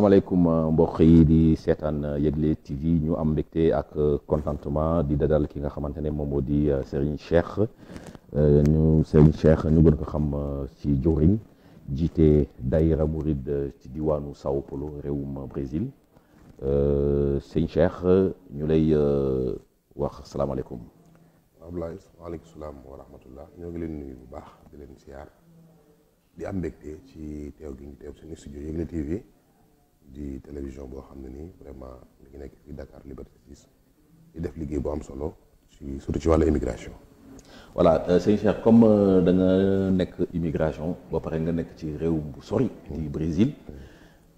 asalaamaaleykum euh, mbokk yi di seetaan euh, Yëgle TV ñu am mbégte ak euh, contentement di dadal ki nga xamante ne moom moo di Serigne Cheikh ñu Serigne Cheikh ñu gën ko xam ci jawriñ jiite Daïra Mouride ci diwaanu Sao Paulo réewum Brésil Serigne Cheikh ñu lay wax asalaamaaleykum. Abdoulaye waaleykum salaam wa rahmatullah ñoo ngi leen nuyu bu baax di leen siyaar di am mbégte ci teew gi ñu teew seen studio Yëgle TV. di télévision boo xam ne ni vraiment mi ngi nekk fii Dakar Liberté 6 di def liggéey bu am solo ci surtout ci wàllu immigration. voilà euh, sëñ Cheikh comme euh, da nekk immigration ba pare nga nekk ci réew bu sori. Mm. di Brésil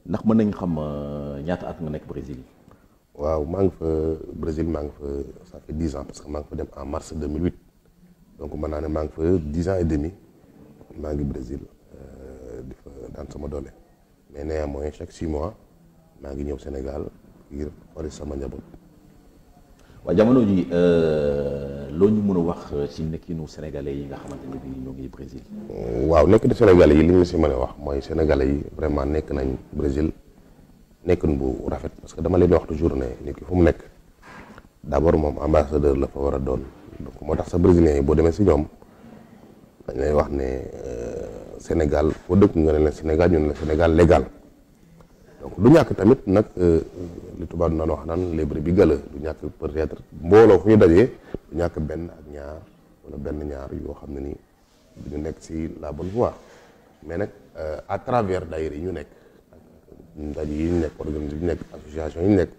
ndax mën nañ xam euh, ñaata at nga nekk Brésil. waaw maa ngi fa Brésil maa ngi fa ça fait dix ans parce que maa ngi fa dem en mars 2008 donc mën naa ne maa ngi fa dix ans et demi maa ngi Brésil di fa daan sama doole mais néanmoins chaque six mois maa ngi ñëw Sénégal ngir xooli sama njaboot. waaw jamono ji euh, loo ñu mën a wax euh, ci nekkinu sénégalais yi nga xamante ne bii ñoo ngi Brésil. waaw nekkinu sénégalais yi li ñu si mën a wax mooy sénégalais yi vraiment nekk nañ Brésil nekkin bu rafet parce que dama leen wax toujours ne nit ki fu mu nekk d' abord moom ambassadeur la fa war a doon donc moo tax sa brésilien yi boo demee si ñoom dañ lay wax ne euh, Sénégal foo dëkk nga ne la Sénégal ñu ne Sénégal légal. donc du ñàkk tamit nag euh, li tubaab naan wax naan libre bi gëla du ñàkk peut-être mbooloo fu ñu dajee du ñàkk benn ak ñaar wala benn ñaar yoo xam ne ni du ñu nekk ci la bon voie mais nag euh, à travers daayira ñu nekk ndaje yi ñu nekk organisme nekk association yi ñu nekk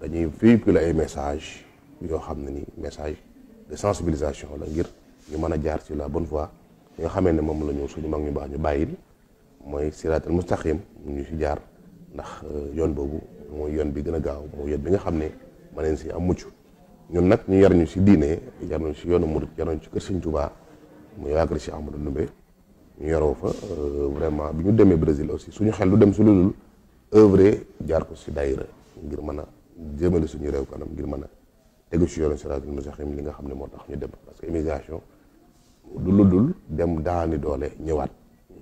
dañuy véhiculer ay message yoo xam ne ni message de sensibilisation la ngir ñu mën a jaar ci la bonne voie yi nga xamee ne moom la ñu suñu mag ñu baax ñu bàyyil mooy siraatal mustaqim ñu si jaar ndax euh, yoon boobu mooy yoon bi gën a gaaw mooy yoon bi nga xam ne ma neen si am mucc ñun nag ñu yar ñu si diine yar ñu si yoonu mu yar ñu si kër Sëñ Tuubaa mu yaakaar si Ahmadou Ndoumbe ñu yaroo fa euh, vraiment bi ñu demee Brésil aussi suñu xel lu dem su lu dul œuvre jaar ko si daayira ngir mën a jëmale suñu réew kanam ngir mën a tegu si yoonu siraatul mustaqiim li nga xam ne moo tax ñu dem parce que immigration du lu dul dem daani doole ñëwaat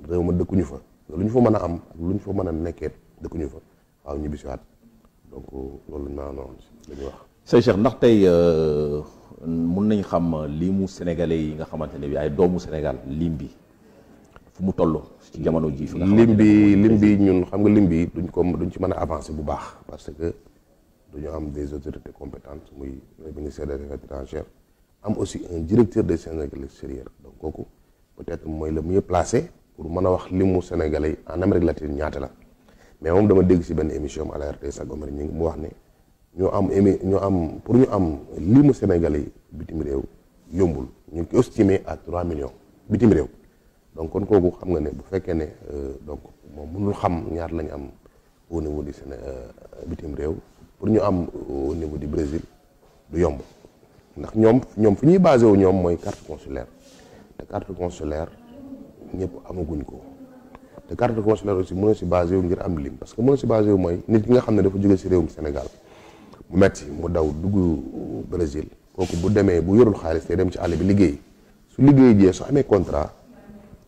réew ma dëkkuñu fa lu ñu fa mën a am lu ñu fa mën a nekkeet dëkkuñu fa waaw ñibbi si waat donc loolu lañ maanaam la ñuy wax. sëñ Cheikh ndax tey euh, mun nañ xam euh, lii mu sénégalais yi nga xamante ne bi ay doomu Sénégal lim bi fu mu toll ci jamono ji fi nga lim bi lim bi ñun xam nga lim bi duñ koom duñ ci mën a avancer bu baax parce que duñu am des autorités compétentes muy le ministère des affaires am aussi un directeur de Sénégalais de l'extérieur donc kooku peut-être mooy le mieux placé pour mën a wax limu sénégalais en Amérique latine ñaata la. mais moom dama dégg si benn émission am à la RTS ngi mu wax ne ñu am émi ñu am pour ñu am li mu yi bitim réew yombul ñu ngi ko estimé à 3 millions bitim réew donc kon kooku xam nga ne bu fekkee ne euh, donc moom mënul xam ñaar lañu am au di du Séné euh, bitim réew pour ñu am au niveau du Brésil du yomb ndax ñoom ñoom fi ñuy basé wu ñoom mooy carte consulaire te carte consulaire ñëpp amaguñ ko. te carte consulaire aussi mënoo si basé wu ngir am lim parce que a si basé mooy nit ki nga xam ne dafa jóge si réewum Sénégal mu metti mu daw dugg Brésil kooku bu demee bu yorul xaalis te dem ci àll bi liggéey su liggéey jee su amee contrat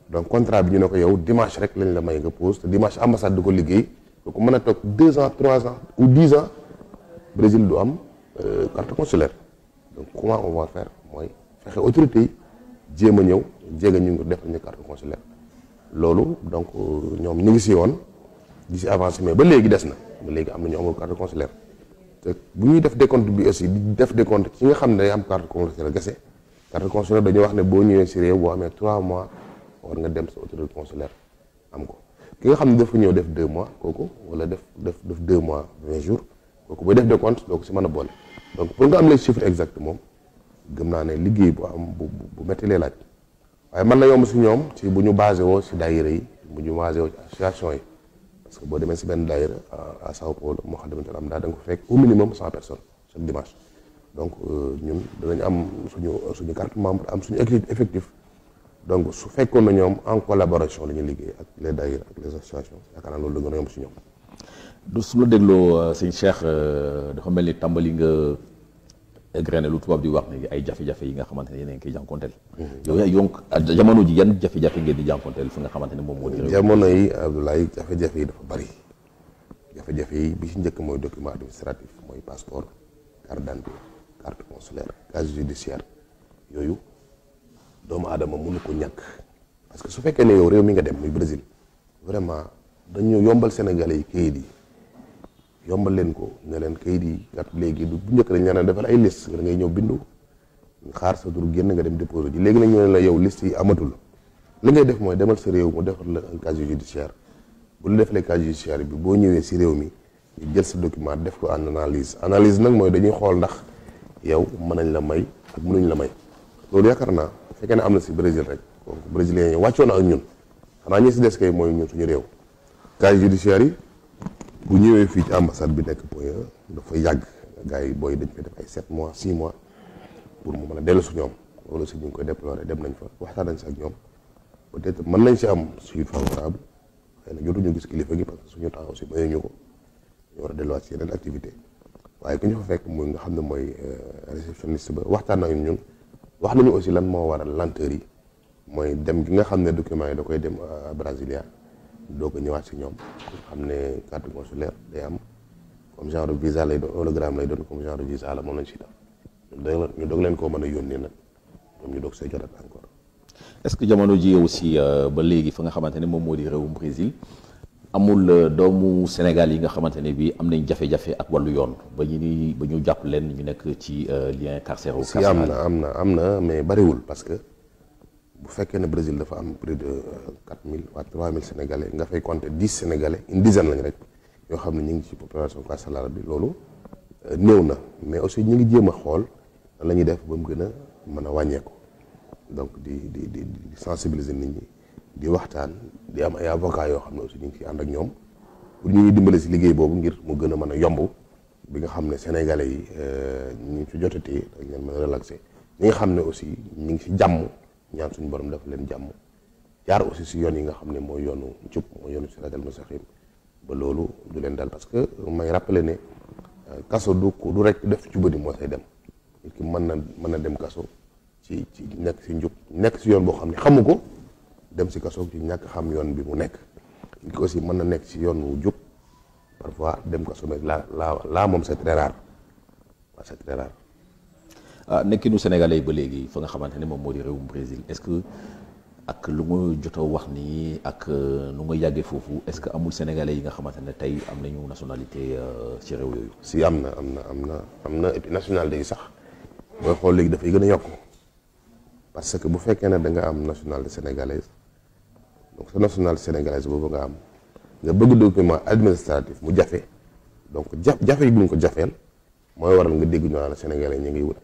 donc contrat bi ñu ne ko yow dimanche rek lañ la may nga pause te dimanche ambassade du ko liggéey ko mën a toog deux ans trois ans ou dix ans Brésil du am euh, carte consulaire donc comment on va faire mooy fexe autorité yi jéem a ñëw jéega ñu ngi defal ñu carte consulaire loolu donc euh, ñoom ñu ngi si yoon di si avancé mais ba léegi des na ba léegi am na ñu amul carte consulaire te bu ñuy def décompte bi aussi di def décompte ci nga xam ne day am carte consulaire gese carte consulaire dañuy wax ne boo ñëwee si réew boo amee 3 mois war nga dem sa autorité consulaire am ko ki nga xam ne dafa ñëw def 2 mois kooku wala def def def 2 mois 20 jours kooku booy def décompte doo ko si mën a boole donc pour nga am les chiffres exact moom gëm naa ne liggéey bu am bu bu métti laaj. waaye mën na yomb si ñoom ci bu ñu basé woo si daayira yi bu ñu basé woo ci association yi parce que boo demee si benn daayira à sa Paulo moo xam ne am daa da ko fekk au minimum cent personnes chaque dimanche donc euh, ñun danañ am suñu suñu carte membre am suñu effectif donc su fekkoon na ñoom en collaboration la ñuy liggéey ak les daayira ak les associations yaakaar naa loolu da gën a yomb si ñoom. du su la dégloo euh, sëñ Cheikh euh, dafa mel ni tàmbali nga. grainé lu tubaab di wax ne ay jafe-jafe yi nga xamante ne yéen a ngi koy jànkonteel yooyu donc jamono ji yan jafe-jafe ngeen di jànkonteel fi nga xamante ne moom moo di jamono yi Abdoulaye jafe-jafe yi dafa bari jafe-jafe yi bi si njëkk mooy document administratif mooy passeport carte d'identité carte consulaire casier judiciaire yooyu doomu aadama mënu ko ñàkk parce que su fekkee ne yow réew mi nga dem muy Brésil vraiment dañu yombal Sénégalais yi kayit yombal leen ko ne leen kayit yi léegi du bu njëkk nañ leen defal ay liste nga ngay ñëw bindu xaar sa tur génn nga dem déposé ji léegi nag ñu ne la yow liste yi amatul li ngay def mooy demal sa réew mu defal la un casier judiciaire bu la defalee casier judiciaire bi boo ñëwee si réew mi ñu jël sa document def ko en analyse analyse nag mooy dañuy xool ndax yow mën nañ la may ak mënuñ la may loolu yaakaar naa fekkee ne am na si Brésil rek kooku brésilien yi wàccoon na ak ñun xanaa ñi si des kay mooy ñun suñu réew casier judiciaire yi bu ñëwee fii ci ambassade bi nekk Point E dafa yàgg gars yi booy dañ koy def ay 7 mois 6 mois pour mu mën a dellu su ñoom loolu aussi ñu ngi koy déplorer dem nañ fa waxtaan nañ si ak ñoom peut-être mën nañ si am suite favorable xëy na jotuñu gis kilifa gi suñu temps aussi mayuñu ko ñu war a delluwaat si yeneen activité waaye ku ñu fa fekk muy nga xam ne mooy euh, réceptionniste ba waxtaan nañu ñun wax nañu aussi lan moo waral lenteur yi mooy dem gi nga xam ne document yi da koy dem à euh, Brasilia doo ko ñëwaat ci ñoom xam ne carte consulaire day am comme genre visa lay doon hologramme lay doon comme genre visa la moom lañ si def ñu doog leen koo mën a yónnee nag ñoom ñu doog see jotat encore. est-ce que jamono ji aussi euh, ba léegi fa nga xamante ne moom moo di réewum Brésil amul euh, doomu Sénégal yi nga xamante ne bii am nañ jafe-jafe ak wallu yoon ba ñu ni ba ñu jàpp leen ñu nekk ci euh, lien carcéral. si am na am na am na mais bariwul parce que. bu fekkee ne Brésil dafa am près de euh, quatre mille waa trois mille sénégalais nga fay compter dix sénégalais une dizaine rek yoo xam ne ñu ngi ci population classe salariale bi euh, néew na mais aussi ñu ngi jéem a xool la ñuy def ba mu gën a mën a wàññeeku donc di di di di sensibiliser nit ñi di waxtaan di am ay avocats yoo xam ne aussi ñu ngi ciy ànd ak ñoom pour dimbale si liggéey boobu ngir mu gën a mën a yomb bi nga xam ne sénégalais yi euh, ñu ngi ci jotatee dañ leen mën a relaxer ñi nga xam ne aussi ñu ngi ci jàmm. ñaan suñu borom dafa leen jàmm jaar aussi si yoon yi nga xam ne mooy yoonu njub mooy yoonu siraatal mustaqim ba loolu du leen dal parce que may rappelé ne euh, kaso du du rek def ci bëri moo say dem mën na mën na dem kaso ci ci nekk si njub nekk si yoon boo xam ne xamu ko dem si kaso ci ñàkk xam yoon bi mu nekk nit aussi mën na nekk si yoon wu jub parfois dem kaso mais la la la moom c'est très rare waaw c'est Ah, nekkinu sénégalais ba léegi fa nga xamante ne moom moo di mu Brésil est-ce que ak lu mu jot wax nii ak euh, nu nga yàggee foofu est-ce que amul sénégalais yi nga xamante ne tey am nañu nationalité euh, ci réew yooyu. si am na am na am na am na et puis nationalité sax booy xool léegi dafay gën a yokku parce que bu fekkee ne da nga am nationalité sénégalaise donc sa nationalité sénégalaise boobu nga am nga bëgg document administratif mu jafe donc jaf jafe yi bu ñu ko jafeel mooy waral nga dégg ñu naan sénégalais ñu ngi wut.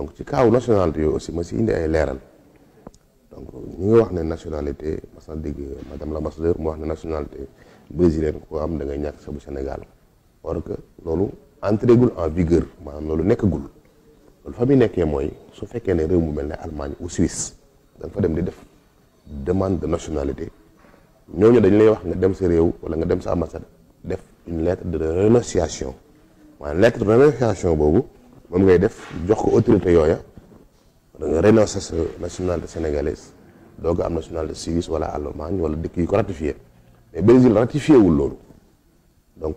donc ci kaaw nationalité yooyu aussi ma si indi ay leeral donc ñu ngi wax ne nationalité mas na dégg madame l'ambassadeur mu wax ne nationalité brésilienne ko am dangay ngay ñàkk sa bu Sénégal parce que loolu entré gul en vigueur maanaam loolu nekkagul loolu fa muy nekkee mooy su fekkee ne réew mu mel ne Allemagne ou Suisse da fa dem di def demande de nationalité ñooñu dañ lay wax nga dem sa réew wala nga dem sa ambassade def une lettre de renonciation maanaam lettre de boobu moom ngay def jox ko autorité yooya da nga renoncer sa nationalité sénégalaise doo ko am nationalité suisse wala allemagne wala dëkk yi ko ratifié mais Brésil ratifié wul loolu donc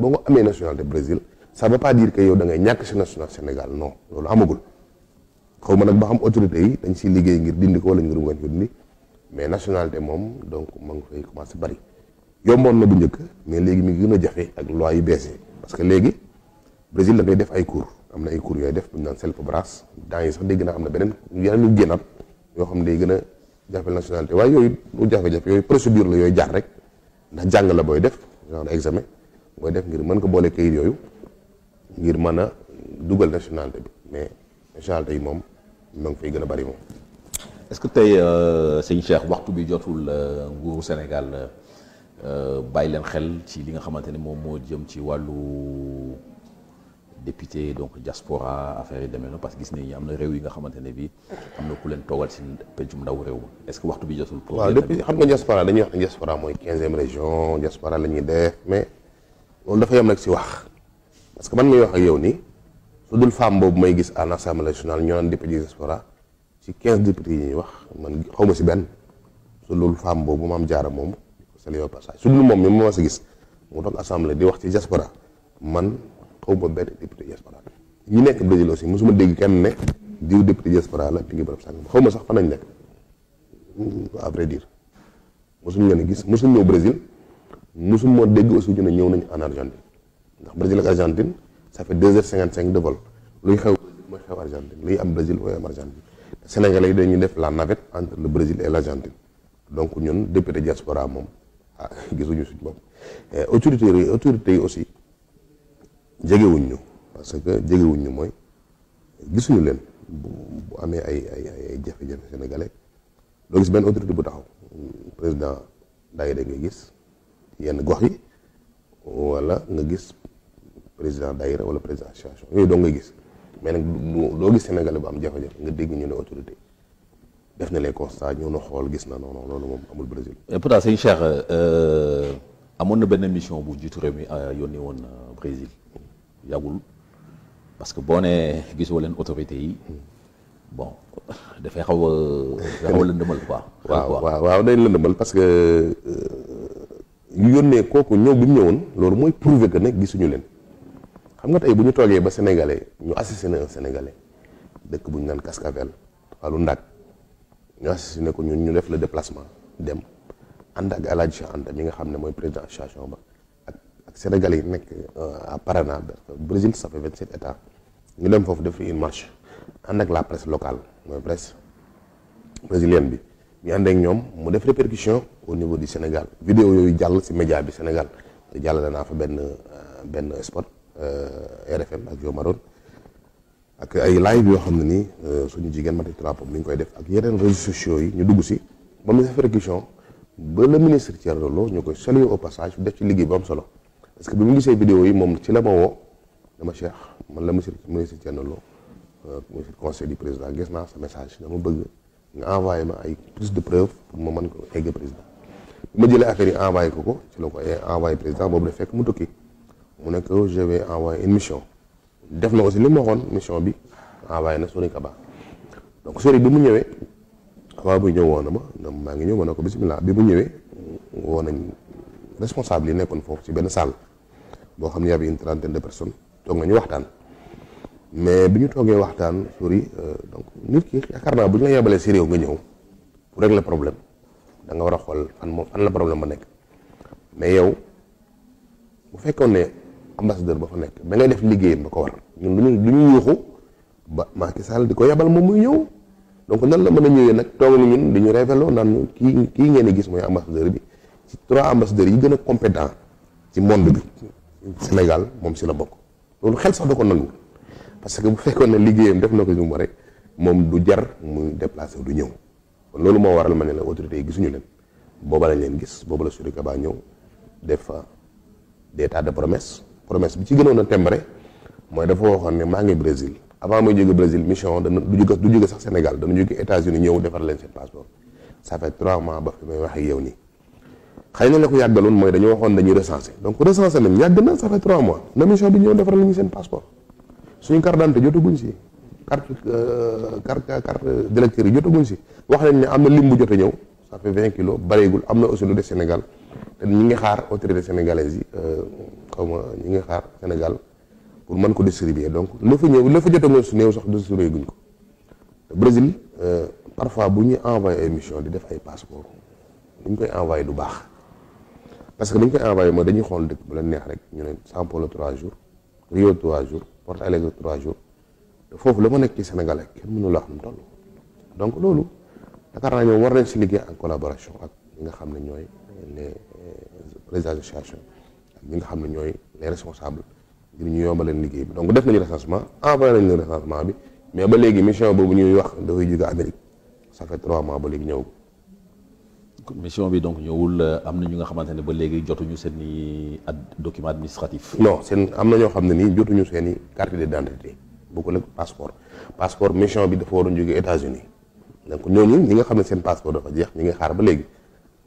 boo ko amee nationalité Brésil ça veut pas dire que yow da ngay ñàkk si national Sénégal no loolu amagul xaw ma nag ba xam autorité yi dañ siy liggéey ngir dindi ko wala ngir mu dindi mais nationalité moom donc ma ngi fay commencé bari yomboon na bu njëkk mais léegi mi ngi gën a jafe ak loi yu bees yi parce léegi Brésil da ngay def ay cours. am na ay cours yooyu def bu ñu naan self brasse temps yi sax dégg naa am na beneen yeneen ñu génnaat yoo xam ne day gën a jafel nationalité waaye yooyu lu jafe-jafe yooyu procédure la yooyu jaar rek ndax jàng booy def genre examen booy def ngir mën ko boole kayit yooyu ngir mën a dugal nationalité bi mais nationalité yi moom moo ngi fay gën a bari moom. est-ce que tey euh, sëñ Cheikh waxtu bi jotul euh, nguuru Sénégal euh, bàyyi leen xel ci li nga xamante ne moom moo jëm ci wàllu. député donc diaspora affaire yi demee na parce que gis nañu am na réew yi nga xamante ne bii am na ku leen toogal si pencum ndaw réew est ce que waxtu bi jotul waaw depuis xam nga diaspora dañuy wax ne diaspora mooy quinzième région diaspora def mais loolu dafa yem rek si wax parce que man may wax ak yow nii su dul femme boobu may gis à l'Assemblée nationale ñoo naan député diaspora ci quinze députés yi ñuy wax xaw ma si benn su dul femme boobu maam jaara moom ko sali yow passage su moom mi moo si gis mu toog assemblée di wax ci diaspora man xaw ma benn député diaspora ñi nekk Brésil aussi mosuma dégg kenn ne diw député diaspora la mi ngi barab sàngam xaw ma sax fan lañ nekk mm, à vrai dire leen a gis mosuñ ñëw Brésil mosum moo dégg aussi ñu ne ñëw nañu en Argentine ndax Brésil ak Argentine ça fait deux heures cinquante cinq de vol luy xew Brésil mooy xew Argentine luy am Brésil mooy am Argentine Sénégalais yi dañuy def la navette entre le Brésil et l' Argentine donc ñun député diaspora moom ah gisuñu suñu moom autorité yi autorité yi aussi jegewuñ ñu parce que jegewuñ ñu mooy gisuñu leen bu amee ay ay ay jafe-jafe sénégalais doo gis benn autorité bu taxaw président daayira ngay gis yenn gox yi wala nga gis président daayira wala président association yooyu doo ngay gis mais nag doo gis sénégalais bu am jafe-jafe nga dégg ñu ne autorité def na les constats ñëw na xool gis na non non loolu moom amul Brésil. et pourtant sëñ Cheikh euh, euh, amoon na benn mission bu jiitu réew mi euh, yónnee woon Brésil. yàggul parce que boo ne gisoo leen autorité yi hmm. bon dafay xaw a xaw a lëndëmal quoi. waaw waaw waaw day lëndëmal parce que euh, ñu yónnee kooku ñëw bi mu ñëwoon loolu mooy prouver que nag gisuñu leen xam nga tey bu ñu toogee ba sénégalais ñu assassiné un dëkk bu ñu naan Cascavel wàllu ndak ñu assassiné ko ñun ñu def la déplacement dem ànd ak El Hadj Cheikh Anta mi nga xam ne mooy président association ba. sénégal yi nekk euh, à Paraná Brésil ça fait vingt sept états ñu dem foofu def une marche ànd ak la presse locale mooy presse brésilienne bi ñu ànd ak ñoom mu def répercussion au niveau de Sénégal vidéo yooyu jàll si média bi Sénégal jàllale naa fa benn euh, benn spot euh, RFM ak Yo Maroon ak ay live yoo xam ne nii suñu jigéen Maty Trapo mi ngi koy def ak yeneen réseaux sociaux yi ñu dugg si ba mu def répercussion ba le ministre Thierno Lo ñu koy saluer au passage ci liggéey bu solo parce que bi mu see vidéo yi moom ci la ma woo dama Cheikh man la monsieur ministre Thierno Lo euh, monsieur conseil du président gis naa sa message dama bëgg nga envoyé ma ay plus de preuve pour ma mën ko egg président bi ma jëlee affaire envoyé ko ko ci la ko eh, envoyé président boobu daf fekk mu tukki mu nekk je vais envoyer mission def na aussi li ma waxoon mission bi envoyé na Sori Kaba donc Sori bi mu ñëwee waaw bu ñëw woon na ma maa ngi ñëw ma ne ko bisimilah bi mu ñëwee woo nañ responsable yi nekkoon foofu ci benn salle boo xam ne y avait une trentaine de personnes toog nañu waxtaan mais bi ñu toogee waxtaan sori euh, donc nit ki yaakaar bu ñu la yebalee si réew nga ñëw pour régler problème da nga war a xool fan moom fan la problème ba nekk mais yow bu fekkoon ne ambassadeur ba fa nekk da ngay def liggéeyam ba ko war ñun duñu du ñu yuuxu ba Macky Sall di ko yebal moom muy ñëw donc nan la mën a ñëwee nag toog na ñun di ñu révélo naan kii kii ngeen di gis mooy ambassadeur bi ci trois ambassadeurs yi gën a compétent ci monde bi Sénégal moom si la bokk loolu xel sax da ko nangu parce que bu fekkoon ne liggéeyam def na ko ñu waree moom du jar muy déplacé du ñëw kon loolu moo waral ma ne la autorité yi gisuñu leen booba lañ leen gis booba la Souri Kaba ñëw def fa des tas de promesse promesse bi ci gënoon a tembare mooy dafa waxoon ne maa ngi Brésil avant may jóge Brésil mission du jóge du sax Sénégal dana jóge États-Unis ñëw defar leen seen passeport ça fait ba fi may wax ak yow nii xay na la ko yàggaloon mooy dañoo waxoon dañuy recensé donc recensé nañ yàgg na ça fait trois mois na mission bi ñëw defaral ñu seen passeport suñu carte d'identité jotaguñ si carte euh, carte carte d'électeur yi jotaguñ si wax nañ ni am na lim bu jot a ñëw ça fait vingt kilos bareegul am na aussi lu des Sénégal te ñi ngi xaar autorité sénégalaise yi euh, xaw ma ñi ngi xaar Sénégal pour mën ko distribuer donc la fa ñëw la fa jot a su néew sax distribué guñ ko Brésil euh, parfois bu ñuy envoyé émission di def ay passeport bu ñu koy envoyé du parce que dañ koy envoyé mooy dañuy xool dëkk bu leen neex rek ñu ne Sampolo 3 jours Rio 3 jours Porto Alegre 3 jours te foofu la ma nekk ci Sénégal kenn mënu la wax nu mu toll. donc loolu Dakar naa ñoom war nañ si liggéey en collaboration ak ñi nga xam ne ñooy les les associations nga xam ne ñooy les responsables ngir ñu leen liggéey bi donc def nañu recensement envoyé nañu leen bi mais ba léegi mission boobu ñuy wax dafay jóge Amérique ça fait 3 mois ba léegi ñëw. mission bi donc ñëwul euh, am na ñu nga xamante ne ba léegi jotuñu seen i ad document administratif. no seen am na ñoo xam ne nii jotuñu seen i carte d'identité bokkul ak passeport passeport mission bi dafa waroon jógee États-Unis donc ñooñu ñi nga xam ne seen passeport dafa jeex ñi ngi xaar ba léegi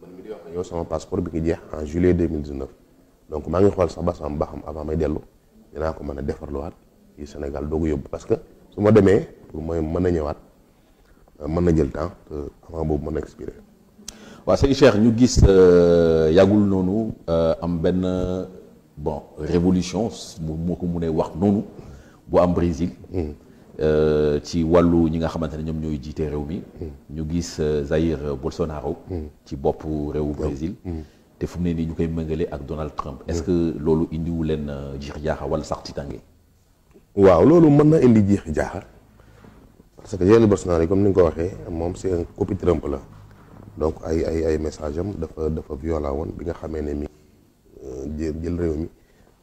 man mi di wax ne yow sama passeport bi ngi jeex en juillet 2019 donc maa ngi xool sax ba sama baxam avant may dellu dinaa ko mën a defarluwaat ci Sénégal doogu yóbbu parce que su ma demee pour mën a ñëwaat euh, mën na jël temps avant boobu mën a expiré. waaw sëñ Cheikh ñu gis euh, yàggul noonu euh, am benn bon révolution moo ko mënee wax noonu bu am Brésil hmm. euh, ci wàllu ñi nga xamante ne ñoom ñooy jiite réew mi hmm. ñu gis Jair Bolsonaro hmm. ci bopp réewu Brésil te fu mu ne nii ñu koy méngale ak Donald Trump est-ce que loolu indiwu leen jiixi jaaxa wala sax ci tànge waaw loolu mën na indi jiixi jaaxa parce que Jair Bolsonaro yi comme ni nga ko waxee moom c'est un copie Trump la donc ay ay ay message am dafa dafa violent woon bi nga xamee ne mi euh, jël réew mi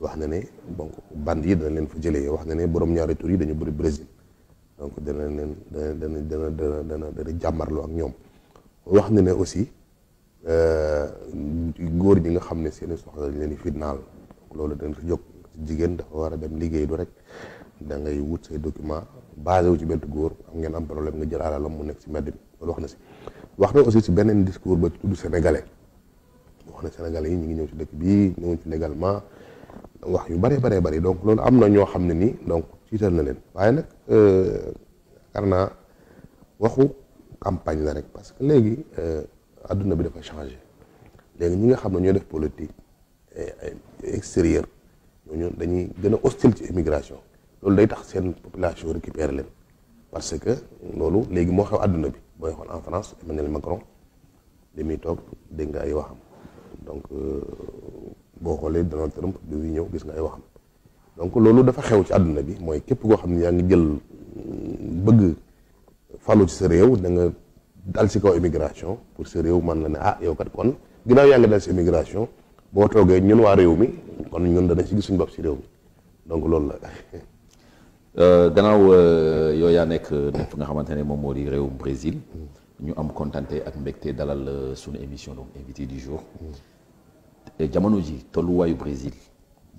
wax na ne donc band yi dana leen fa jëlee wax na ne borom ñaari tur yi dañu bëri Brésil donc dana leen dana dana dana dana dana dana ak ñoom wax na ne aussi euh, góor ji nga xam ne seeni soxla dañ leen di fitnaal loolu dañ fi jóg jigéen dafa war a dem liggéey du rek da ngay wut say document basé wu ci benn góor am ngeen am problème nga jël alalam mu nekk si mbedd mi loolu wax na si wax na aussi si beneen discours ba tudd sénégalais wax na sénégalais yi ñu ngi ñëw ci dëkk bii ñëw ci légalement wax yu bare bare bari donc loolu am na ñoo xam ne nii donc tiital na leen waaye nag euh, yaakaar naa waxu campagne la rek parce que léegi euh, adduna bi dafa changé léegi ñi nga xam ne ñoo def politique extérieure ñooñu dañuy gën a hostile ci immigration loolu day tax seen population récupérer leen parce que loolu léegi moo xew àdduna bi booy xool en France Emmanuel Macron li muy toog dégg nga ay waxam donc euh, boo xoolee Donald Trump bi muy ñëw gis nga ay waxam donc loolu dafa xew ci àdduna bi mooy képp koo xam ne yaa ngi jël mm, bëgg falu ci sa réew da nga dal ci kaw immigration pour sa réew man la ne ah yow kat kon ginnaaw yaa ngi dal ci immigration boo toogee ñun waa réew mi kon ñun danañ ci gisuñu suñu bopp ci réew mi donc loolu la. Euh, gannaaw euh, yow yaa nekk euh, fi nga xamante ne moom moo di réewum Brésil ñu am kontante ak mbégte dalal sunu émission donc invité du jour jamono ji tolluwaayu Brésil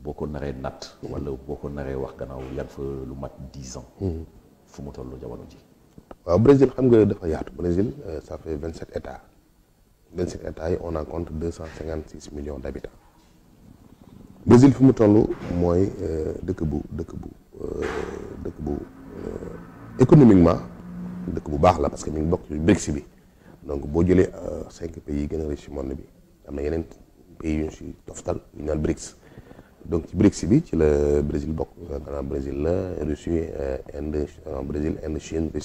boo ko naree natt wala boo ko naree wax gannaaw yàgg fa lu mat dix ans. fu mu toll jamono ji. waaw Brésil xam nga dafa yaatu Brésil ça fait vingt sept états vingt sept états yi on a compte deux cent cinquante six millions d' habitants Brésil fu mu toll mooy dëkk bu dëkk bu. Euh, dëkk bu euh, économiquement dëkk bu baax la parce que mi ngi bokk ci BRICS bi donc boo jëlee euh, cinq pays yi gën a riche ci monde bi am na yeneen pays yu ñu si toftal yu naan BRICS donc ci BRICS bi ci la Brésil bokk gannaaw Brésil la Russie Inde Brésil Inde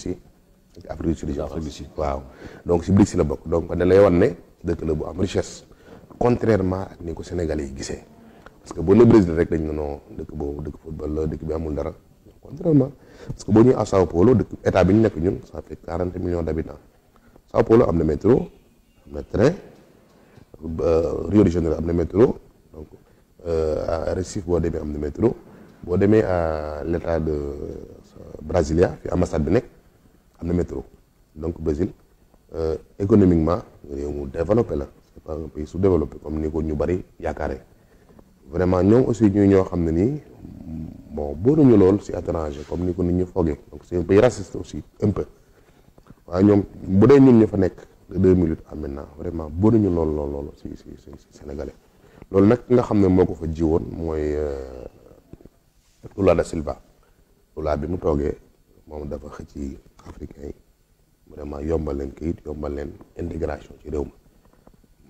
waaw donc si BRICS la bokk donc da lay ne dëkk la bu am richesse contrairement ak ni ko Sénégalais yi gisee. parce que boo nee Brésil rek dañ ne non dëkk boobu dëkk football la dëkk bi amul dara contrairement parce que boo ñëwee à Sao Paulo dëkk état bi ñu nekk ñun ça fait quarante millions d'habitants Sao Paulo am na métro am na train euh, Rio de Janeiro am na métro donc euh, à Recife am na métro boo demee à l'état de euh, Brasilia fi ambassade bi nekk am na métro donc Brésil économiquement réew mu développé la c'est pas comme ni ko ñu bari yaakaare vraiment ñoom aussi ñuy ñoo xam ne nii bon booruñu lool si étranger comme ni ko nit ñu foogee donc c'est un aussi un peu waaye ñoom bu dee ñun ñu fa nekk de 2008 à maintenant vraiment booruñu lool lool lool si si si sénégalais loolu nag nga xam ne moo ko fa jiwoon mooy euh, Lula da Silva Lula bi mu toogee moom dafa xëcc africain yi vraiment yombal leen kayit yombal leen intégration ci réew mi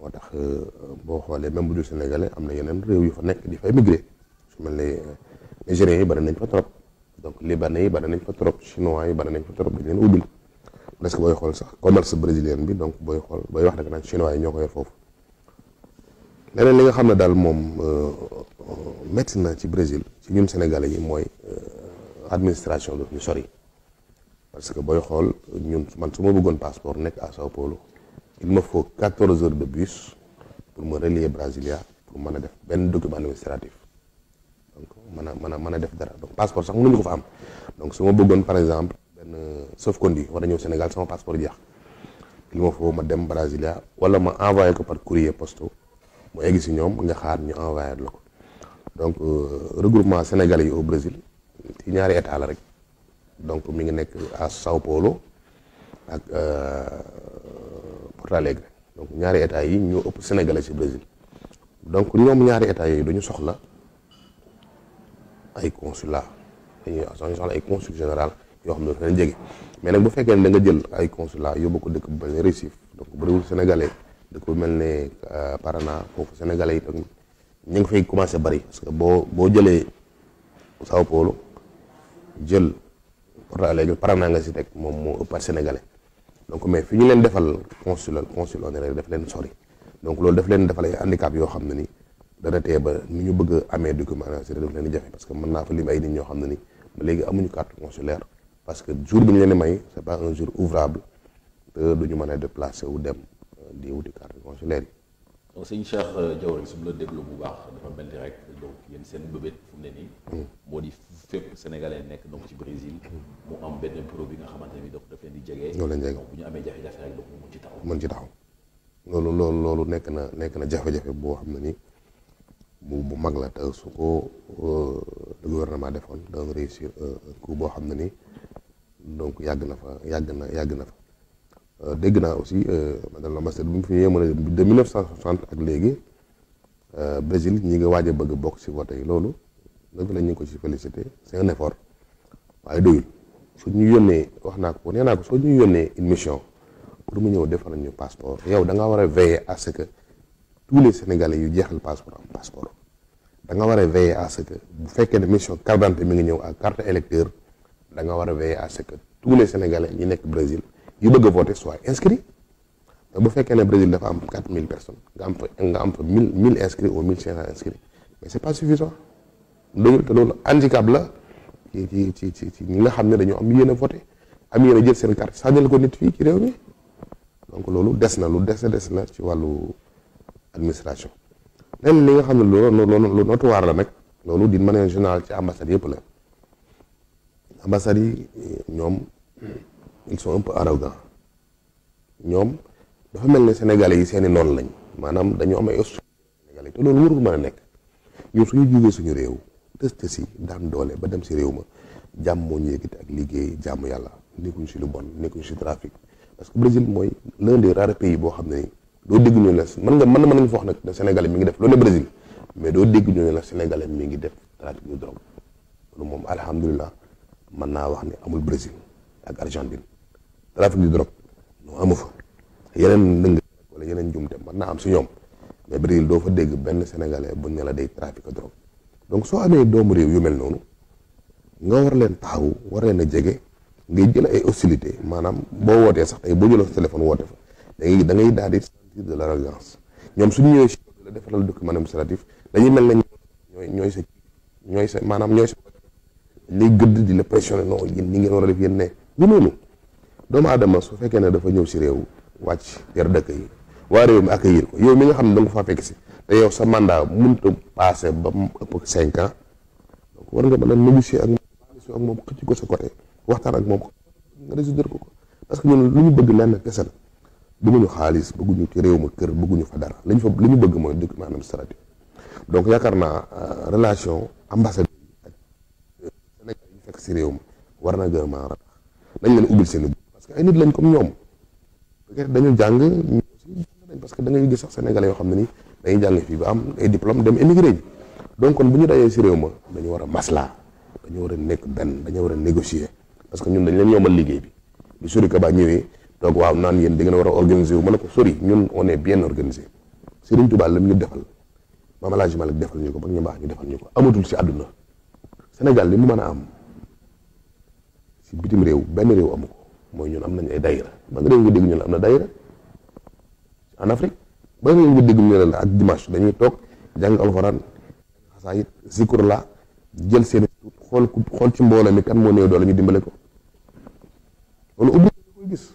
moo tax euh, boo xoolee même bu dul sénégalais am na yeneen réew yu fa nekk di fa émigré su mel ne euh, nigériens yi bari nañ fa trop donc libanais yi bari nañ fa trop chinois yi bari nañ fa trop dañ leen ubbil parce que booy xool sax commerce brésilien bi donc booy xool booy wax rek naan chinois yi ñoo koy foofu. leneen li nga xam ne daal moom euh, metti naa ci Brésil ci ñun sénégalais yi mooy administration daf ñu sori parce que booy xool ñun man su ma bëggoon passeport nekk à Sao Paulo. il me faut quatorze heures de bus pour me relier Brasilia pour mën a def benn document administratif donc mën a mën a mën a def dara donc passeport sax mënuñu ko fa am donc su ma bëggoon par exemple benn sauf-conduit war a ñëw Sénégal sama passeport jeex il me faut ma dem Brasilia wala ma envoyé ko par courrier posto mu egg si ñoom nga xaar ñu envoyé la ko donc euh, regroupement sénégalais yi au Brésil ci ñaari état la rek donc mi ngi nekk à Sao Paulo euh, Porto Alegre donc ñaari état yi ñoo ëpp sénégalais si Brésil donc ñoom ñaari état yooyu dañu soxla ay consulat dañuy soxla ay consul général yoo xam ne dafa leen jege mais bu fekkee ne da nga jël ay consula yóbbu ko dëkk bu mel ne Recife donc bëriwul sénégalais dëkk bu mel ne euh, Paraná foofu sénégalais yi tamit ñu ngi fay commencé bari parce que boo boo jëlee Sao Paulo jël Porto Alegre Paraná nga si teg moom moo ëppaat sénégalais. donc mais fi ñu leen defal consul consul honoraire daf leen sori donc loolu daf leen defal ay handicap yoo xam ne ni dana tee ba ñu bëgg a amee document d'identité daf leen di jafe parce que mën naa fa lim ay nit ñoo xam ne ni ba léegi amuñu carte consulaire parce que jour bi ñu leen di may c'est pas un jour ouvrable te duñu mën a déplacer wu dem euh, di wuti carte consulaire yi bon sëñ Cheikh euh, Diaw su ma la déglu bu baax dafa mel ni rek donc yéen seen mbëbët fu mu ne nii. moo di fépp sénégalais nekk donc ci Brésil. mu am benn produit nga xamante ne donc daf leen di jege. loolu lañ jege bu ñu amee jafe-jafe ci taxaw. loolu loolu loolu nekk na nekk na jafe boo xam ne ni bu bu mag la te su ko euh, le defoon da réussir ku euh, boo xam ne ni donc yàgg na fa yàgg na yàgg na fa. Euh, dégg naa aussi euh, madame l'ambassadeur bi mu fi ñëwee mën a de 1960 ak léegi euh, Brésil ñi nga waaj bëgg bokk ci vote yi loolu dëgg la ñu ko ci félicité c'est un effort waaye doyul su ñu yónnee wax naa ko nee naa ko soo ñu yónnee une mission pour mu ñëw defal ñu passeport yow da nga war a veiller à que tous les sénégalais yu jeexal passeport am passeport da nga war a veiller à que bu fekkee ne mission carte mi ngi ñëw ak carte électeur da nga war a veiller à ce que tous les sénégalais ñi nekk Brésil. yu bëgg a voté soit inscrit mais bu fekkee ne Brésil dafa am 4000 personnes nga am fa nga am fa 1000 1000 inscrits ou 1500 inscrits mais c'est pas suffisant loolu te loolu la ci ci ci ci nga xam ne dañoo am yéen a voté am yéen jël seen carte sànnil ko nit fii ci réew mi donc loolu des na lu des des na ci wàllu administration. lenn li nga xam ne loolu loolu notuwaar la nag loolu d'une manière générale ci ambassade yëpp la ambassade yi ñoom. ils sont un peu arrogants ñoom dafa mel ne sénégalais yi seeni noonu lañ maanaam dañoo am ay sénégalais te loolu warul mën a nekk ñun suñu jugee suñu réew tëste si daan doole ba dem si réew ma jàmm moo ñu yëkkati liggéey jàmm yàlla nekkuñ si lu bon nekkuñ si trafic parce que Brésil mooy l'un des boo xam ne ni doo dégg ñu ne mën nga mën na mën nañu ne sénégalais mi ngi def loolu ne Brésil mais doo dégg ñu ne la sénégalais mi ngi def trafic de drogue loolu moom alhamdulilah mën naa wax ne amul Brésil ak Argentine trafic de noo amu fa yeneen dëng wala yeneen jumte mën naa am si ñoom mais Brésil doo fa dégg benn sénégalais bu ñu la day trafic de drogue donc soo amee doomu réew yu mel noonu nga war leen taxawu war leen a jege ngay jël ay hostilité maanaam boo wootee sax tey boo jëloo sa téléphone woote fa da ngay da daal di sentir de l'arrogance ñoom suñu ñëwee si la defaral document administratif dañuy mel ne ñooy ñooy sa ñooy sa maanaam ñooy sa lay gëdd di la pressionné non yéen ni ngeen war a def yéen ne ñu noonu doomu aadama soo fekkee ne dafa ñëw si réew wàcc terre d'accueil waa réew mi accueillir ko yow mi nga xam ne da nga ko faa fekk si yow sa mandat mënut a ba mu ëpp cinq ans donc war nga mën a négocier ak moom ak moom ko sa côté waxtaan ak moom nga résoudre ko parce que ñun lu ñu bëgg lenn kese la xaalis bëgguñu ci réew ma kër bëgguñu fa dara lañ fa li ñu bëgg mooy document administratif donc yaakaar naa euh, relation ambassade ak Sénégal yi fekk si réew ma war na gën a mën a ratax nañ leen ubbil seen que ay nit lañ comme ñoom peut-être jàng mais aussi parce que da ngay gis sax sénégalais yoo xam ne ni dañuy jàng fii ba am ay diplôme dem émigré ji donc kon bu ñu dajee si réew ma dañu war a maslaa dañu war a nekk benn dañu war a négocier parce que ñun dañ leen yombal liggéey bi lu sori ka ba ñëwee donc waaw naan yéen da ngeen war a organiser wu man a ko sori ñun on est bien organisé Serigne Touba lam ñu defal Maam Alaaji Malik defal ñu ko ba ñu baax ñu defal ñu ko amatul si àdduna Sénégal li mu mën a am si bitim réew benn réew amu mooy ñun am nañ ay dayra ba nga réew nga dégg ñu la am na dayra en Afrique ba nga réew nga dégg ñu la ak dimanche dañuy toog jàng alxuraan xasaayit zikur la jël seen xool ku xool ci mbooloo mi kan moo néew doole ñu dimbale ko loolu ubbi koy gis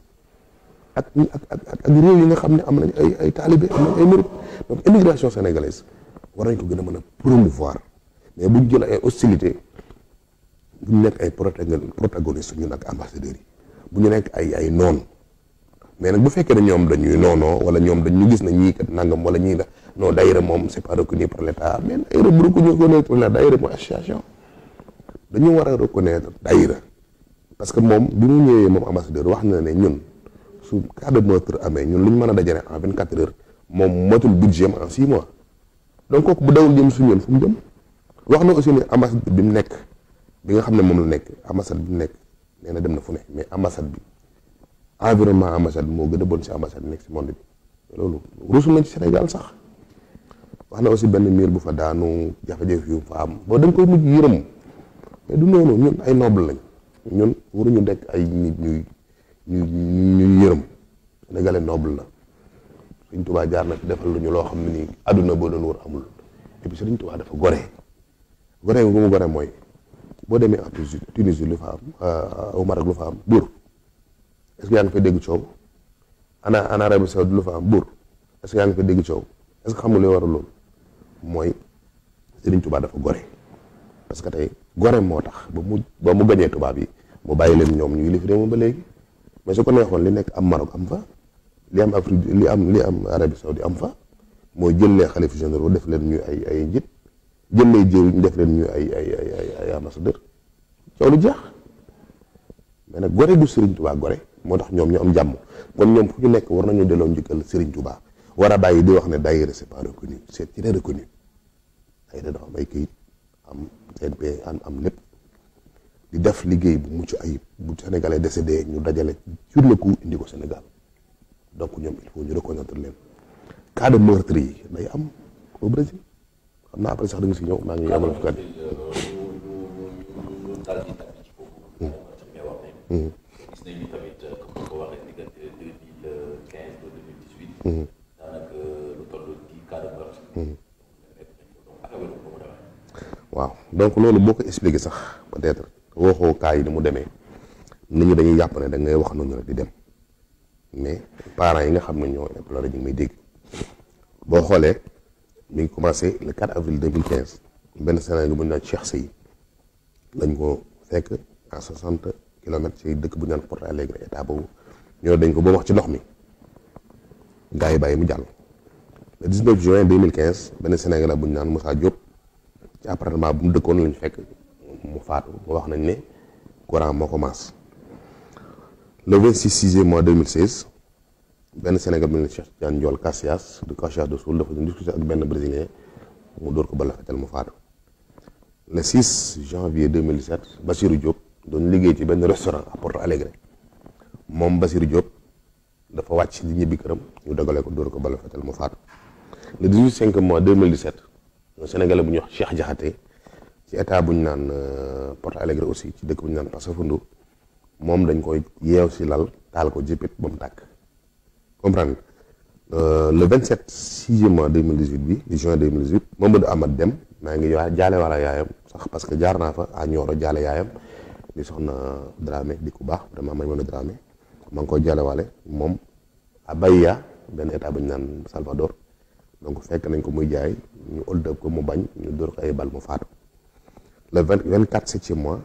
ak ak ak réew yi nga xam ne am nañ ay ay am nañ ay murit donc immigration sénégalaise war nañ ko gën a mën a promouvoir mais bu ñu jël ay hostilité du nekk ay protagoniste ñun ak ambassadeurs yi. bu ñu nekk ay ay noon mais nag bu fekkee ne ñoom dañuy noonoo wala ñoom dañu gis na ñii kat nangam wala ñii la non daayira moom c'est pas reconnu par l'état mais daayira bu reconnu ko par l'état daayira mooy association dañu war a reconnaître parce que moom bi mu ñëwee moom ambassadeur wax na ne ñun su cas de meurtre amee ñun lu ñu mën a dajale en vingt quatre heures moom motul budget mois donc kooku bu dawul jëm su ñun fu mu jëm wax na aussi ne ambassade bi mu nekk bi nga xam ne moom la nekk ambassade bi mu nekk nee dem na fu ne mais ambassade bi environnement ambassade bi moo gën a bon si ambassade bi nekk si monde bi loolu rusu nañ ci senegal sax wax na aussi benn miir bu fa daanu jafe-jafe yu fa am boo da nga koy mujj yërëm mais du noonu ñun ay noble lañ ñun ñu nekk ay nit ñuy ñuy yërëm sénégalais noble la Sëriñ Tuubaa jaar na defal lu ñu loo xam ne nii àdduna boo doon wër amul et puis Sëriñ Tuubaa dafa gore gore bu mu gore mooy. boo demee en Tunisie Tunisie lu fa am euh, au Maroc lu fa am buur est-ce que yaa ngi fay dégg coow ana en Arabie Saoudite lu fa am buur est-ce que yaa ngi fay dégg coow est-ce que xam nga li waral loolu mooy Serigne Touba dafa gore parce que tey gore moo tax ba mu ba mu gañee tubaab yi mu bàyyi leen ñoom ñu ngi lif réew mi ba léegi mais su ko neexoon li nekk am Maroc am fa li am Afrique li am li am Arabie Saoudite am fa mooy jël les xalif généraux def leen ñu ay ay njit jël lay jëriñ def leen ñu ay ay ay ay ambassadeur coow lu jeex mais nag gore gu Serigne Touba gore moo tax ñoom ñu am jàmm kon ñoom fu ñu nekk war nañu delloo njëkkal seriñ Touba war a bàyyi di wax ne daayira c'est pas reconnu c'est très reconnu daayira dafa am ay kayit am CNP am di def liggéey bu mucc ayib bu Sénégalais décédé ñu dajale sur le coup indi ko Sénégal donc ñoom il faut ñu reconnaître leen cas de yi day am au Brésil. xam naa après sax da si ñëw maa ngi amal kàddu gis nañu tamit comme ko waxee diggante deux de meurtre waaw donc loolu boo ko expliqué sax peut-être yi ni mu demee nit ñi dañuy yàpp ne da wax noonu rek di dem mais parents yi nga xam ne ñoo éploré ñu ngi may dégg boo xoolee mi ngi commencé le 4 avril 2015 benn Sénégal bu ñu naan Cheikh Seye lañ ko fekk à 60 kilomètres ci dëkk bu ñu naan Porto Alegre état boobu ñoo dañ ko ba wax ci ndox mi gars yi bàyyi mu jàll. le 19 juin 2015 benn Sénégalais bu ñu naan Moussa Diop ci appartement bu mu dëkkoon lañ fekk mu faatu mu wax nañ ne courant moo ko maas le 26 juillet mois 2016. benn Sénégal bu ne Cheikh Tidiane Ndiol Casillas de Casillas de Sul dafa doon discuter ak benn brésilien mu dóor ko bala fetal mu faatu le 6 janvier 2017 Bassirou Diop doon liggéey ci benn restaurant à Porto Alegre moom Bassirou Diop dafa wàcc di ñibbi këram ñu dogale ko dóor ko bala fetal mu faatu le 18 5 mois 2017 ñun Sénégalais bu ñuy wax Cheikh Diakhaté ci état bu ñu naan euh, Porto Alegre aussi ci dëkk bu ñu naan Passo Fundo moom dañ koy yeew si lal taal ko jëppit ba mu tàkk. comprendre nga euh, le 27 6e mois 2018 bi di juin 2018 Mamadou Amad Dem maa ngi waa jaale wala yaayam sax parce que jaar naa fa à Nioro jaale yaayam di soxna Dramé di ku baax vraiment may mën a Dramé maa ngi koy jaale waale moom à Bahia benn état bañ ñu naan Salvador donc fekk nañ ko muy jaay ñu hold up ko mu bañ ñu dóor ko ay bal mu faatu le vingt vingt quatre septième mois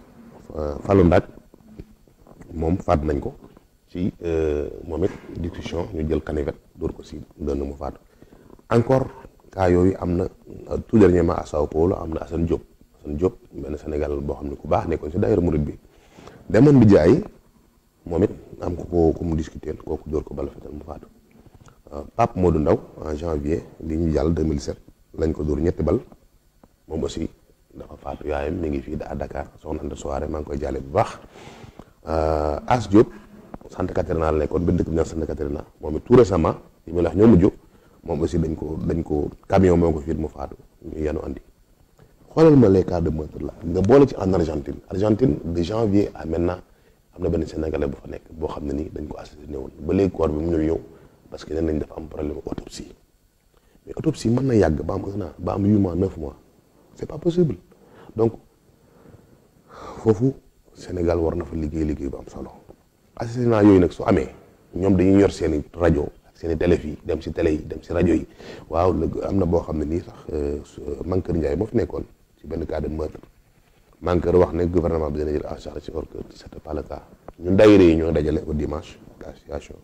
euh, falu Ndak moom faat nañ ko. ci euh, moom it discussion ñu jël canivette dóor ko si dënn mu faatu encore cas yooyu am na euh, tout dernièrement à Sao Paulo am na Assane Diop Assane Diop benn Sénégal boo xam ne ku baax nekkoon si daayira murid bi demoon bi jaay moom it am ku mu discuter kooku dóor ko bala fetal mu faatu euh, Pape Modou Ndaw en janvier bi ñu jàll 2007 lañ ko dóor ñetti bal moom aussi dafa faatu yaayam mi ngi fii à Dakar soxna Anta Soare maa ngi koy jàlle bu baax As Diop Santa Catarina la nekkoon benn dëkk bi ñu naan moom it tout dañ ko dañ ko camion moo ko fiit mu faatu yanu andi xoolal ma les cas de meurtre la nga boole ci en Argentine Argentine de janvier à maintenant am na benn sénégalais bu fa nekk boo xam ne nii dañ ko assassiné woon ba léegi corps bi mu ñëw ñëw parce que nee nañ dafa am problème autopsie mais autopsie mën na yàgg ba am un ba am huit mois neuf mois c'est pas possible donc foofu Sénégal war na fa liggéey liggéey bu am solo. assassinat yooyu nag su amee ñoom dañuy yor seen rajo ak seen i télé dem si télé yi dem si rajo yi waaw léegi am na boo xam ne nii sax Mankeur Ndiaye moo fi nekkoon ci benn cas de man Mankeur wax ne gouvernement bi dana jël en charge si or que c'était pas le cas ñun daayira yi dajale au dimanche ak association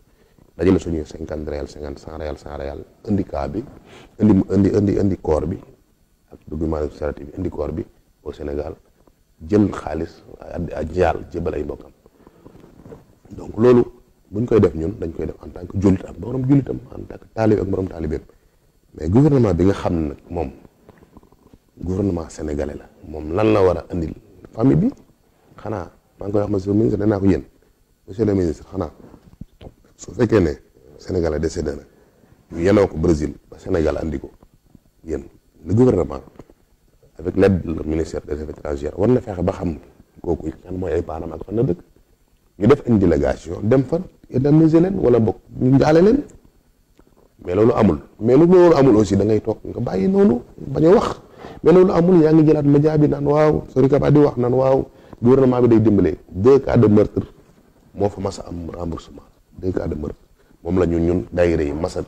dajale suñuy cinquante réal cinquante cent réal cent indi cas bi indi indi indi indi corps bi ak document administratif bi indi corps bi au Sénégal jël xaalis ak jaal jébal ay mbokkam donc loolu bu buñ koy def ñun dañ koy def en tant que jullit am borom jullitam en tant que taalib ak borom taalibeem mais gouvernement bi nga xam ne moom gouvernement sénégalais la moom lan la war a andil famille bi xanaa maa ngi koy wax monsieur le ministre danaa ko yéen monsieur le ministre xanaa su fekkee ne sénégalais décédé na ñu yenoo ko Brésil ba Sénégal andi ko yéen le gouvernement avec l'aide du ministère des affaires étrangères war na fexe ba xam kooku kan mooy ay paanam ak fan la dëkk. ñu def une délégation dem fan indemniser leen wala bokk ñu jaale leen mais loolu amul mais lu loolu amul aussi da ngay toog nga bàyyi noonu bañ a wax mais loolu amul yaa ngi jëlaat média bi naan waaw Sory Kaba di wax naan waaw gouvernement bi day dimbale deux cas de moo fa mas a am remboursement deux cas de meurtre moom la ñun ñun daayira yi mas a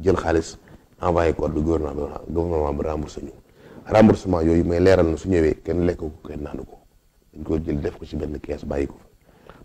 jël xaalis envoyé corps bi gouvernement bi gouvernement bi remboursé ñu remboursement yooyu may leeral na su ñëwee kenn lekk ko kenn naanu ko dañ ko jël def ko si benn kees bàyyi ko.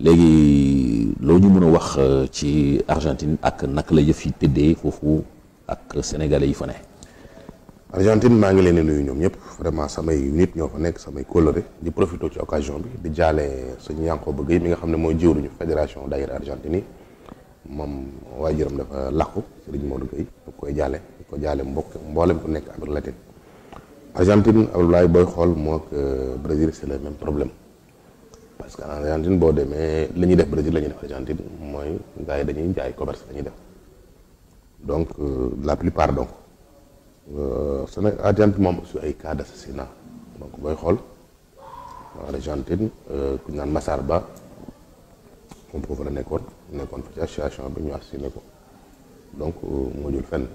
léegi loo ñu mën a wax euh, ci Argentine ak naka la yëf yi tëddee foofu ak sénégalais yi fa ne. Argentine maa ngi leen di nuyu ñoom ñëpp vraiment samay nit ñoo fa nekk samay coloré di profité ci occasion bi di jaale suñu Yankhoba Gueye mi nga xam ne mooy jiwruñu fédération daayira Argentine yi moom waajuram dafa làqu Serigne Modou Gueye ñu koy jaale ñu jaale mbokk mboolem ku nekk Amérique latine Argentine Abdoulaye booy xool moo ak euh, Brésil c'est le même problème. parce que en Argentine boo demee la ñuy def Brésil la ñuy def Argentine mooy gars dañuy jaay commerce la ñuy def donc euh, la plupart donc euh, Sénégal Argentine moom su ay cas d'assassinat donc booy xool Argentine euh, ku ñu naan Massar Ba moom foofu la nekkoon nekkoon fa ci association bi ñu assassiné ko donc moo jul fenn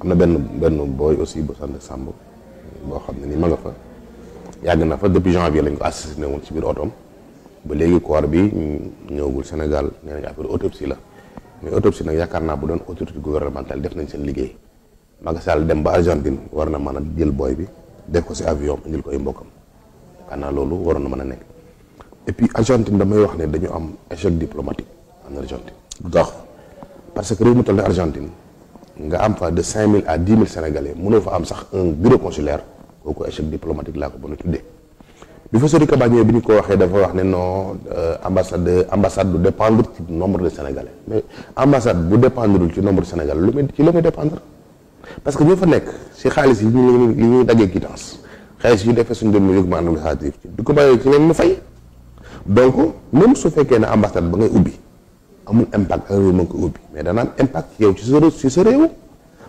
am na benn benn booy aussi bu sant Samb boo xam ne nii ma nga fa yàgg na fa depuis janvier lañ ko assassiné woon ci biir otoom. ba léegi corps bi ñëwagul Sénégal nee nañu affaire la mais autopsie yaakaar naa bu doon autorité gouvernementale def nañ seen liggéey Macky Sall dem ba Argentine war na mën a booy bi def ko si avion indil ko ay mbokkam xanaa loolu waroon na mën a nekk et damay wax ne dañu am échec diplomatique en Argentine. lu tax parce que réew mu toll ne Argentine nga am fa de cinq mille à dix mille sénégalais mënoo fa am sax un bureau consulaire kooku échec diplomatique laa ko mën a tuddee. bi fa sori Kaba ñëwee bi ñu ko waxee dafa wax ne non euh, ambassade ambassade bu dépendre ci nombre de sénégalais mais ambassade bu dépendreul ci nombre de sénégalais lu muy ci la muy dépendre parce que ñoo fa nekk si xaalis yi ñu li ñuy daggee quittance xaalis yi defee suñu demee règlement administratif ci du ko bàyyi ci leen mu fay donc même su fekkee ne ambassade ba ngay ubbi amul impact ak réew ko ubbi mais dana impact ci ci sa ci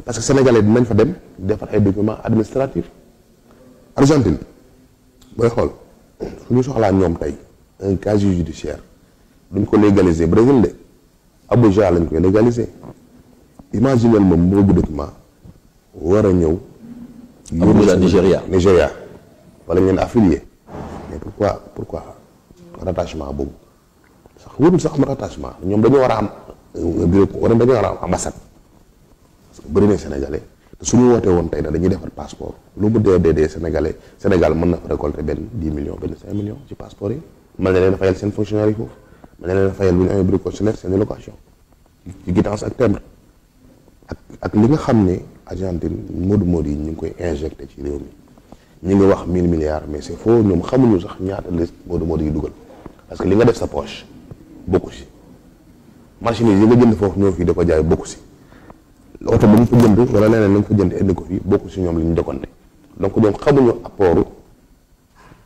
parce que sénégalais dinañ fa dem defar ay documents administratifs Argentine xool. su ñu soxlaa ñoom tey un casier judiciaire dañ ko légaliser Brésil de Abuja lañ koy légaliser imaginez moom boobu document war a ñëw. Abuja Nigéria Nigéria wala ngeen affilié mais pourquoi pourquoi rattachement boobu sax wërul sax ma rattachement ñoom dañu war a am bureau euh, dañu war a am ambassade parce que bëri na Sénégalais. suñu wootee woon tey dañuy defar passeport lu mu dee dee dee sénégalais Sénégal mën na fa récolter benn 10 millions benn 5 millions ci passeport yi mën na leen fayal seen fonctionnaire yi foofu mën na leen fayal bu ñu amee bureau consulaire seen location ci quittance ak timbre ak ak li nga xam ne Argentine moodu moodu yi ñu ngi koy injecté ci réew mi ñu ngi wax 1000 milliards mais c'est faux ñoom xamuñu sax ñaata la moodu moodu yi dugal parce que li nga def sa poche bokku si marchandise yi nga jënd foofu ñoo fii da ko bokku si oto ba mu ko jënd wala leneen la mu ko jënd indi ko fii bokku si ñoom li ñu déconné donc ñoom xamuñu apport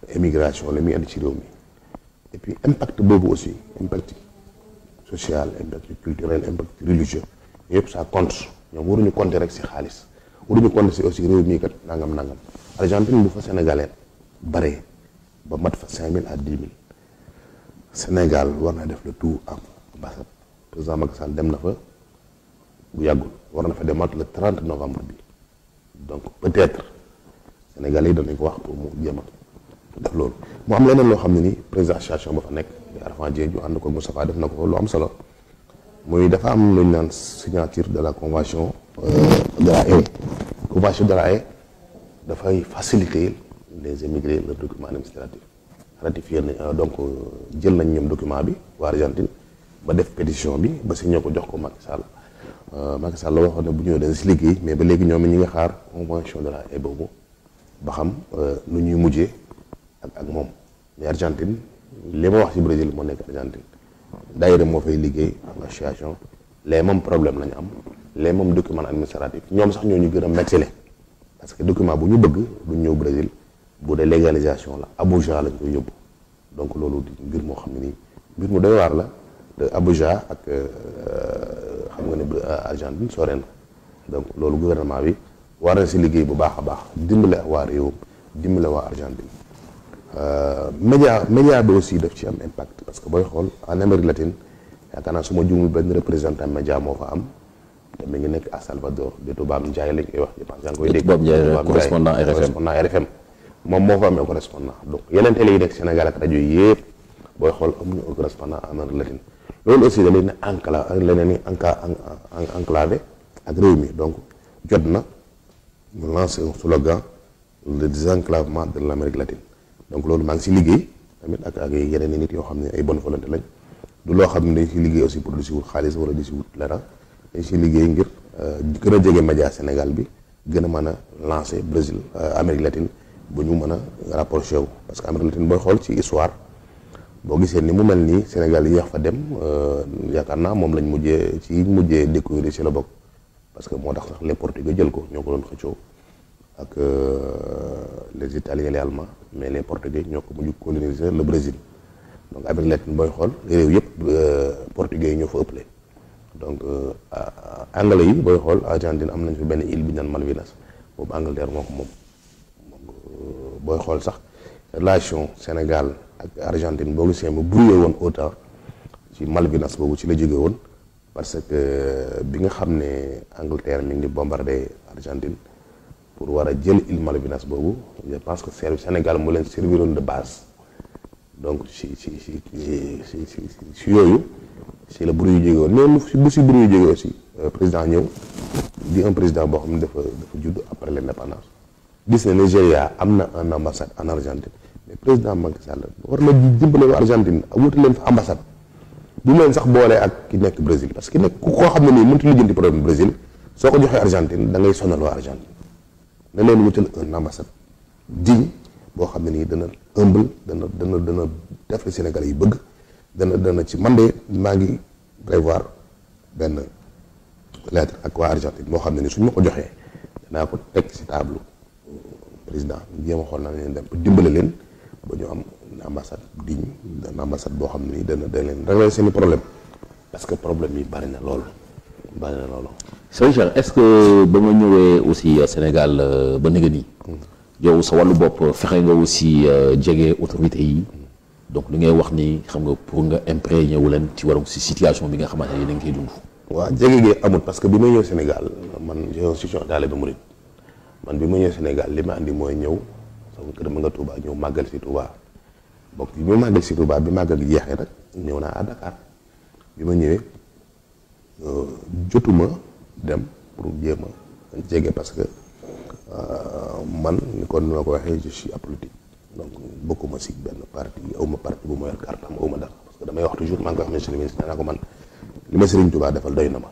émigration la muy indi ci réew mi et puis impact boobu aussi impact social impact culturel impact religieux yëpp ça compte ñoom waruñu compter rek si xaalis waruñu compter si aussi réew mii kat nangam nangam Argentine bu fa sénégalais bare ba mat fa cinq mille à dix mille Sénégal war naa def le tout am ambassade président Macky dem na fa bu yàggul war na fa demaat le 30 novembre bi donc peut sénégal Sénégalais yi danañ ko wax pour mu jéem a def loolu. mu am leneen loo xam ne ni président association ba fa nekk Arfan Dieng ñu ànd ko Moustapha def na ko lu am solo muy dafa am lu ñu naan signature de la convention euh, de la haie convention de la haie dafay faciliter les émigrés le document administratif ratifié nañ euh, donc euh, jël nañ ñoom document bi waa Argentine ba def pétition bi ba signé ko jox ko Macky Sall Euh, Macky Sall la waxoon ne bu ñëwee dañ si liggéey mais ba léegi ñoom ñu ngi xaar convention de la haie boobu ba xam lu euh, ñuy mujjee ak ak moom mais Argentine li ma wax ci Brésil moo nekk Argentine daayira moo fay liggéey ak association les moom problème la ñu am les mêmes documents administratifs ñoom sax ñoo ñu gën a mexile parce que document bu ñu bëgg duñ ñëw Brésil bu dee légalisation la Abuja lañ koy yóbbu donc loolu di mbir moo xam ne nii mbir mu doy waar la. Abuja ak euh, euh, xam nga ne euh, Argentine soo na donc loolu gouvernement bi war na si liggéey bu baax a baax dimbale waar réewam dimbale waa Argentine média média bi aussi daf ci am impact parce que booy xool en Amérique latine yaakaar naa su ma jumul benn représentant média moo fa am te mi ngi nekk à Salvador de Toubab Ndiaye lañ koy wax je pense yaa ngi koy dégg Toubab Ndiaye correspondant RFM moom moo fa amee correspondant donc yeneen télé yi nekk Sénégal ak rajo yëpp booy xool amuñu correspondant en Amérique loolu aussi dañ leen encla leneen i enclavé ak réew mi donc jot na ñu lancé un slogan le désenclavement de l' Amérique latine donc loolu maa ngi si liggéey tamit ak ak yeneen nit yoo xam ne ay bonne volonté lañ du loo xam ne dañ si liggéey aussi pour di si wut xaalis wala di si wut dara dañ si liggéey ngir euh, gën a jege média Sénégal bi gën a mën a lancé Brésil euh, Amérique latine bu ñu mën a rapproché wu parce que Amérique latine booy xool ci histoire boo gisee ni mu mel nii Sénégal yéex fa dem euh, yaakaar naa moom lañ mujjee ci mujjee découvrir ci la bokk parce que moo tax sax les portugais jël ko ñoo ko doon xëccoo ak euh, les italiens les allemands mais les portugais ñoo ko mujj coloniser le Brésil donc Amérique latine booy xool yëpp euh, portugais yi ñoo fa ëppale donc anglais yi booy xool Argentine am nañ fi benn île bi ñu naan Malvinas boobu Angleterre moo ko moom booy xool sax relation Sénégal. ak Argentine boobu si mu brouillé woon autant ci Malvinas boobu ci la jóge woon parce que euh, bi nga xam ne Angleterre mi ngi di bombardé Argentine pour war a jël île Malvinas boobu je pense que Sénégal moo leen serviroon de base donc ci ci ci ci ci ci yooyu si la bruit yu jóge woon mais mu bu si bruit yu jóge aussi euh, président ñëw di un président boo xam ne dafa dafa judd après l' indépendance gis na Nigéria am na un ambassade en Argentine mais président Macky Sall war na dimbale waa Argentine wuti leen fa ambassade bu mu leen sax boolee ak ki nekk Brésil parce que nekk koo xam ne nii mënut a lijjanti problème Brésil soo ko joxee Argentine da sonal waa Argentine na leen wutal un ambassade digne boo xam ne nii dana humble dana dana dana def la Sénégal yi bëgg dana dana ci man de maa ngi prévoir benn lettre ak waa Argentine boo xam ne nii suñ ma ko joxee danaa ko teg ci table président jéem a naa leen dem dimbale leen. ba ñu am une ambassade digne une ambassade boo xam ne dana dana leen régler seeni problème parce que problème yi bari na lool bari na lool. sëñ Cheikh est-ce que ba nga ñëwee aussi euh, Sénégal euh, ba nga nii. sa wàllu bopp euh, fexe nga aussi jege autorités yi. donc li ngay wax ni xam nga pour nga imprégné leen ci waram si situation bi nga xamante ne da nga koy dund. waaw jege gi amul parce que bi ma ñëw Sénégal man j'ai un soutien taalibe murid man bi ma ñëw Sénégal li ma andi mooy ñëw. sama kër ma nga Touba ñëw màggal si Touba bokk bi ma màggal si Touba bi màggal gi jeexee nag ñëw naa à bi ma ñëwee euh, jotuma dem pour jéem a jege parce que euh, man ni kon ni ma ko waxee je suis apolitique donc bokkuma si benn parti awma parti bu ma yor kartam awma dara parce que damay wax toujours maa ngi koy wax monsieur le ministre nee ko man li ma Serigne Touba defal doy na ma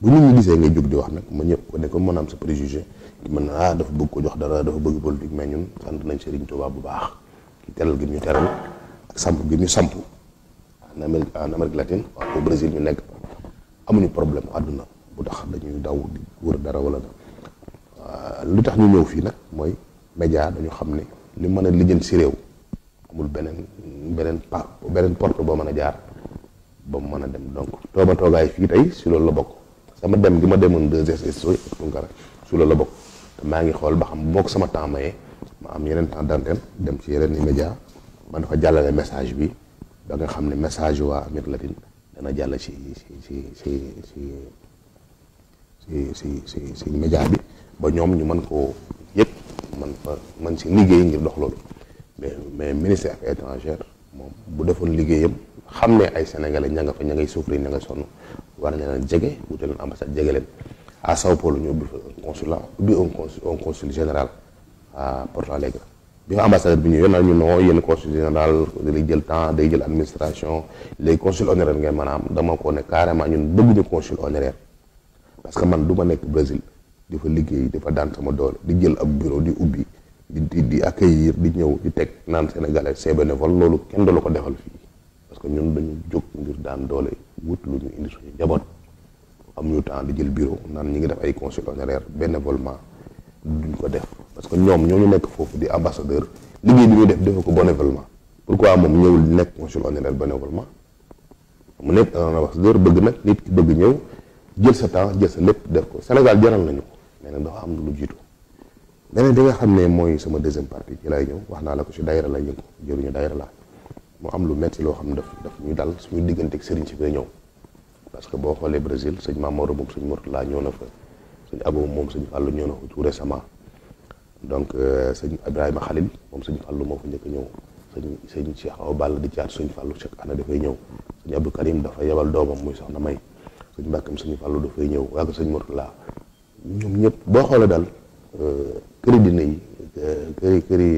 bu nit ñi gisee ngay jóg di wax nag ma ñëpp ko ne ko mën am sa préjugé mën na ah dafa bëgg ko jox dara dafa bëgg politique mais ñun sant nañ Serigne Touba bu baax ki teral gi ñu teral ak samp gi ñu samp en Amérique en Amérique latine waaw au Brésil ñu nekk amuñu problème àdduna bu tax dañuy daw di wër dara wala lu tax ñu ñëw fii nag mooy média dañu xam ne li mën a lijjën si réew amul beneen beneen pa beneen porte boo mën a jaar ba mu mën a dem donc tooba toogaay fii tey si loolu la bokk sama dem gi ma demoon 2STV Tounkara si loolu la bokk. maa ngi xool ba xam bokk sama temps ma am yeneen temps d'antenne dem ci yeneen i média man dafa jàllale message bi ba nga xam ne message waa Amir Ladine dana jàll ci ci ci ci ci ci ci ci ci média bi ba ñoom ñu mën koo yëg man fa man ci liggéey ngir dox loolu mais mais ministère affaires étrangères moom bu defoon liggéeyam xam ne ay sénégale ña nga fa ña ngay souffrir ña ngay sonn war na leen jege wuute leen ambassade jege leen à Sao Paulo ñu ubbi fa un consulat ubbi un consul général à Porto Alegre bi nga ambassadeur bi ñëwee nag ñu non yéen consul général day jël temps day jël administration les consul honoraire ngay maanaam dama koo ne carrément ñun bëgg ñu consul honoraire parce que man du ma nekk Brésil di fa liggéey di fa daan sama doole di jël ab bureau di ubbi di di accueillir di ñëw di teg naan sénégalais c'est bénévole loolu kenn du la ko defal fii parce que ñun dañu jóg ngir daan doole wut lu ñu indi suñu njaboot amuñu temps di jël bureau naan ñu ngi def ay consul honoraire bénévolement duñ ko def parce que ñoom ñoo ñu nekk foofu di ambassadeur liggéey bi ñu def defe ko bénévolement pourquoi moom ñëwul nekk consul honoraire bénévolement mu nekk un ambassadeur bëgg nag nit ki bëgg ñëw jël sa temps jël sa lépp def ko Sénégal jaral nañu ko mais nag dafa am lu jiitu beneen bi nga xam ne mooy sama deuxième partie ci lay ñëw wax naa la ko si daayira la ñu ko jëruñu daayira la mu am lu metti loo xam ne daf daf ñu dal suñu diggante ak si fay ñëw parce que boo xoolee Brésil sëñ Mamoro moom sëñ Mourtala ñëw na fa sëñ Abou moom sëñ Fallou ñëw na fa tout récemment donc euh, sëñ Ibrahima Khalil moom sëñ Fallou moo fa njëkk ñëw sëñ sëñ Cheikh Awa Balla di caat sëñ Fallou chaque année dafay ñëw sëñ Abdou Karim dafa yebal doomam muy soxna May sëñ Mbàkkam sëñ Fallou dafay ñëw waaye ko sëñ Mourtala ñoom ñëpp boo xoolee dal euh, këri dina yi këri këri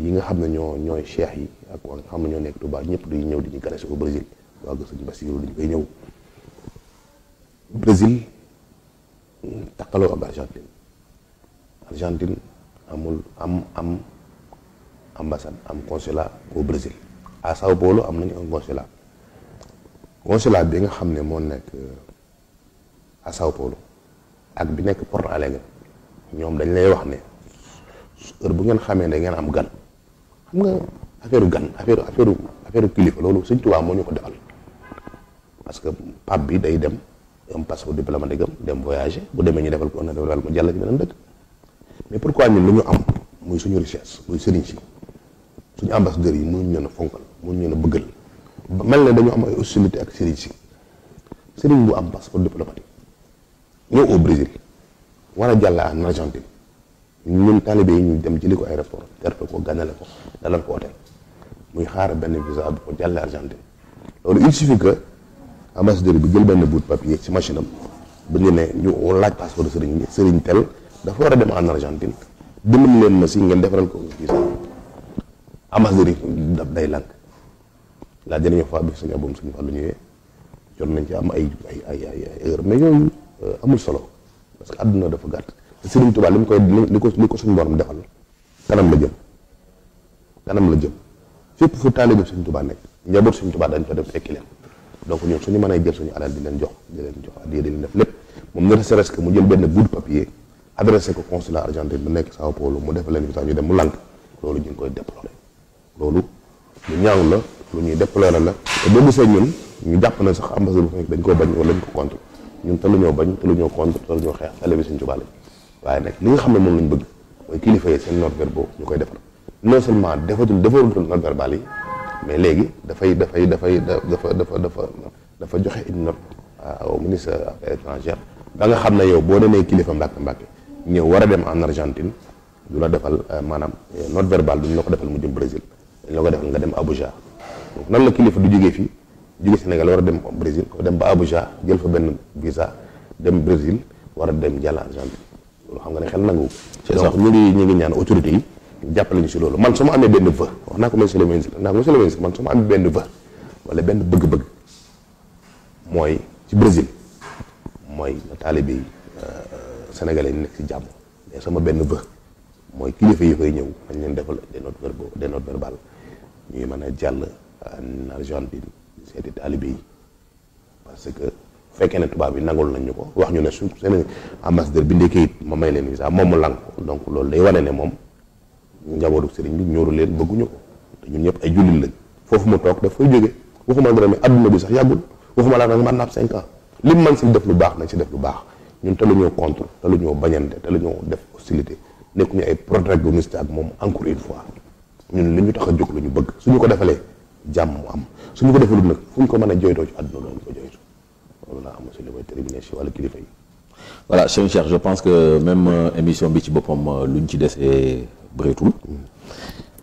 yi nga xam ne ñoo ñooy cheikh yi ak waa nga xam ne ñoo nekk Touba ñëpp dañuy ñëw di ñu ganesi au Brésil waaw sëñ Bassirou dañu koy ñëw Brésil takkaloo ak Argentine Argentine amul am am ambassade am consulat au Brésil à Sao Paulo am nañu un consulat consulat bi nga xam ne moo nekk euh, à Sao Paulo ak bi nekk Porto Alegre ñoom dañ lay wax ne heure bu ngeen xamee ne ngeen am gan xam nga affaire gan affaire affaire affaire kilifa loolu Sëñ Tuubaa moo ñu ko defal parce que pape bi day dem. am passeport diplomatique am dem voyager bu demee ñu defal ko na defal ko jàll ci beneen dëkk mais pourquoi ñun lu ñu am muy suñu richesse muy sëriñ si suñu ambassadeurs yi mënuñu leen a fonkal mënuñu leen a bëggal mel ne dañu am ay hostilité ak sëriñ si sëriñ bu am passeport diplomatique ñëw au Brésil war a jàll en Argentine ñun taalibe yi ñu dem jëli ko ay aéroport terfe ko gànnale ko dalal ko hôtel muy xaar benn visa bu ko jàll Argentine loolu ambassadeur bi jël benn bout de papier ci machine am bu ñu ne ñu laaj passeport sëriñ bi sëriñ tel dafa war a dem en Argentine dimbali leen ma si ngeen defaral ko visa ambassadeur yi daf day lànk la dernière fois bi suñu abom suñu fàllu ñëwee jot nañ ci am ay ay ay ay erreur mais euh, amul solo parce que àdduna dafa gàtt te sëriñ Tuubaa li mu koy li ko li ko suñu borom defal kanam la jëm kanam la jëm fépp fu taalibe Sëriñ Tuubaa nekk njaboot Sëriñ Tuubaa dañ fa def fekki leen donc ñun suñu mënee jël suñu alal di leen jox di leen jox addiya di leen def lépp moom ne serait-ce que mu jël benn bout de papier ko consulat argentin bu nekk sa Paulo mu def leen visa ñu dem mu lànk loolu ñu ngi koy déploré lu ñaaw la lu ñuy déploré la te boo gisee ñun ñu jàpp na sax ambassade bu dañ koo bañ wala dañ ko contre ñun te lu ñoo bañ te lu ñoo contre te lu ñoo xeex tale bi suñ ci bàlle waaye nag li nga xam ne moom lañ bëgg mooy kilifa yi seen note verbal ñu koy defar non seulement defatul defarutul note verbal yi mais léegi dafay dafay dafay dafa dafa dafa dafa joxe une note au ministre des affaires ba nga xam ne yow boo demee kilifa Mbàkke Mbàkke ñëw war a dem en Argentine du la defal euh, maanaam euh, note verbale du ñu ko defal mu jëm Brésil dañ la ko defal nga dem Abuja donc nan la kilifa du jógee fii jóge Sénégal war a dem Brésil dem ba Abuja jël fa benn visa dem Brésil war a dem jàll Argentine loolu xam nga ne xel nangu donc ñu ngi ñu ngi ñaan autorité yi jàppale ñu si loolu man su ma amee benn vœu wax naa ko monsieur le ministre naa ko monsieur le ministre benn vœu wala benn bëgg-bëgg mooy ci Brésil mooy taalibe euh, sénégalais yi nekk si jàmm mais sama benn vœu mooy kilifa yi fay ñëw dañ leen defal des notes verbal des ñuy mën a jàll en Argentine seeti taalibe yi parce que fekkee ne tubaab yi nangul nañ ñu ko wax ñu ne su seen ambassadeur bi ndee kayit ma may leen visa moom mu lànk donc loolu day wane ne moom njabootu sëriñ bi ñooru leen bëgguñu ko te ñun ñëpp ay jullit lañ foofu mu toog daf fay jóge waxuma dara mais adduna bi sax yàggul waxuma laa nag man naab cinq ans lim man si def lu baax nañ si def lu baax ñun te lu ñoo contre te lu ñoo bañante te lu ñoo def hostilité nekkuñu ay protagoniste ak moom encore une fois ñun lu ñu tax a jóg lu ñu bëgg suñu ko defalee jàmm mu am suñu ko defalul nag fu ñu ko mën a joytoo ci àdduna loolu ko joytu loolu laa am si li may terminer si wàllu kilifa je pense que même euh, émission bi ci boppam euh, luñ ci desee bëreetul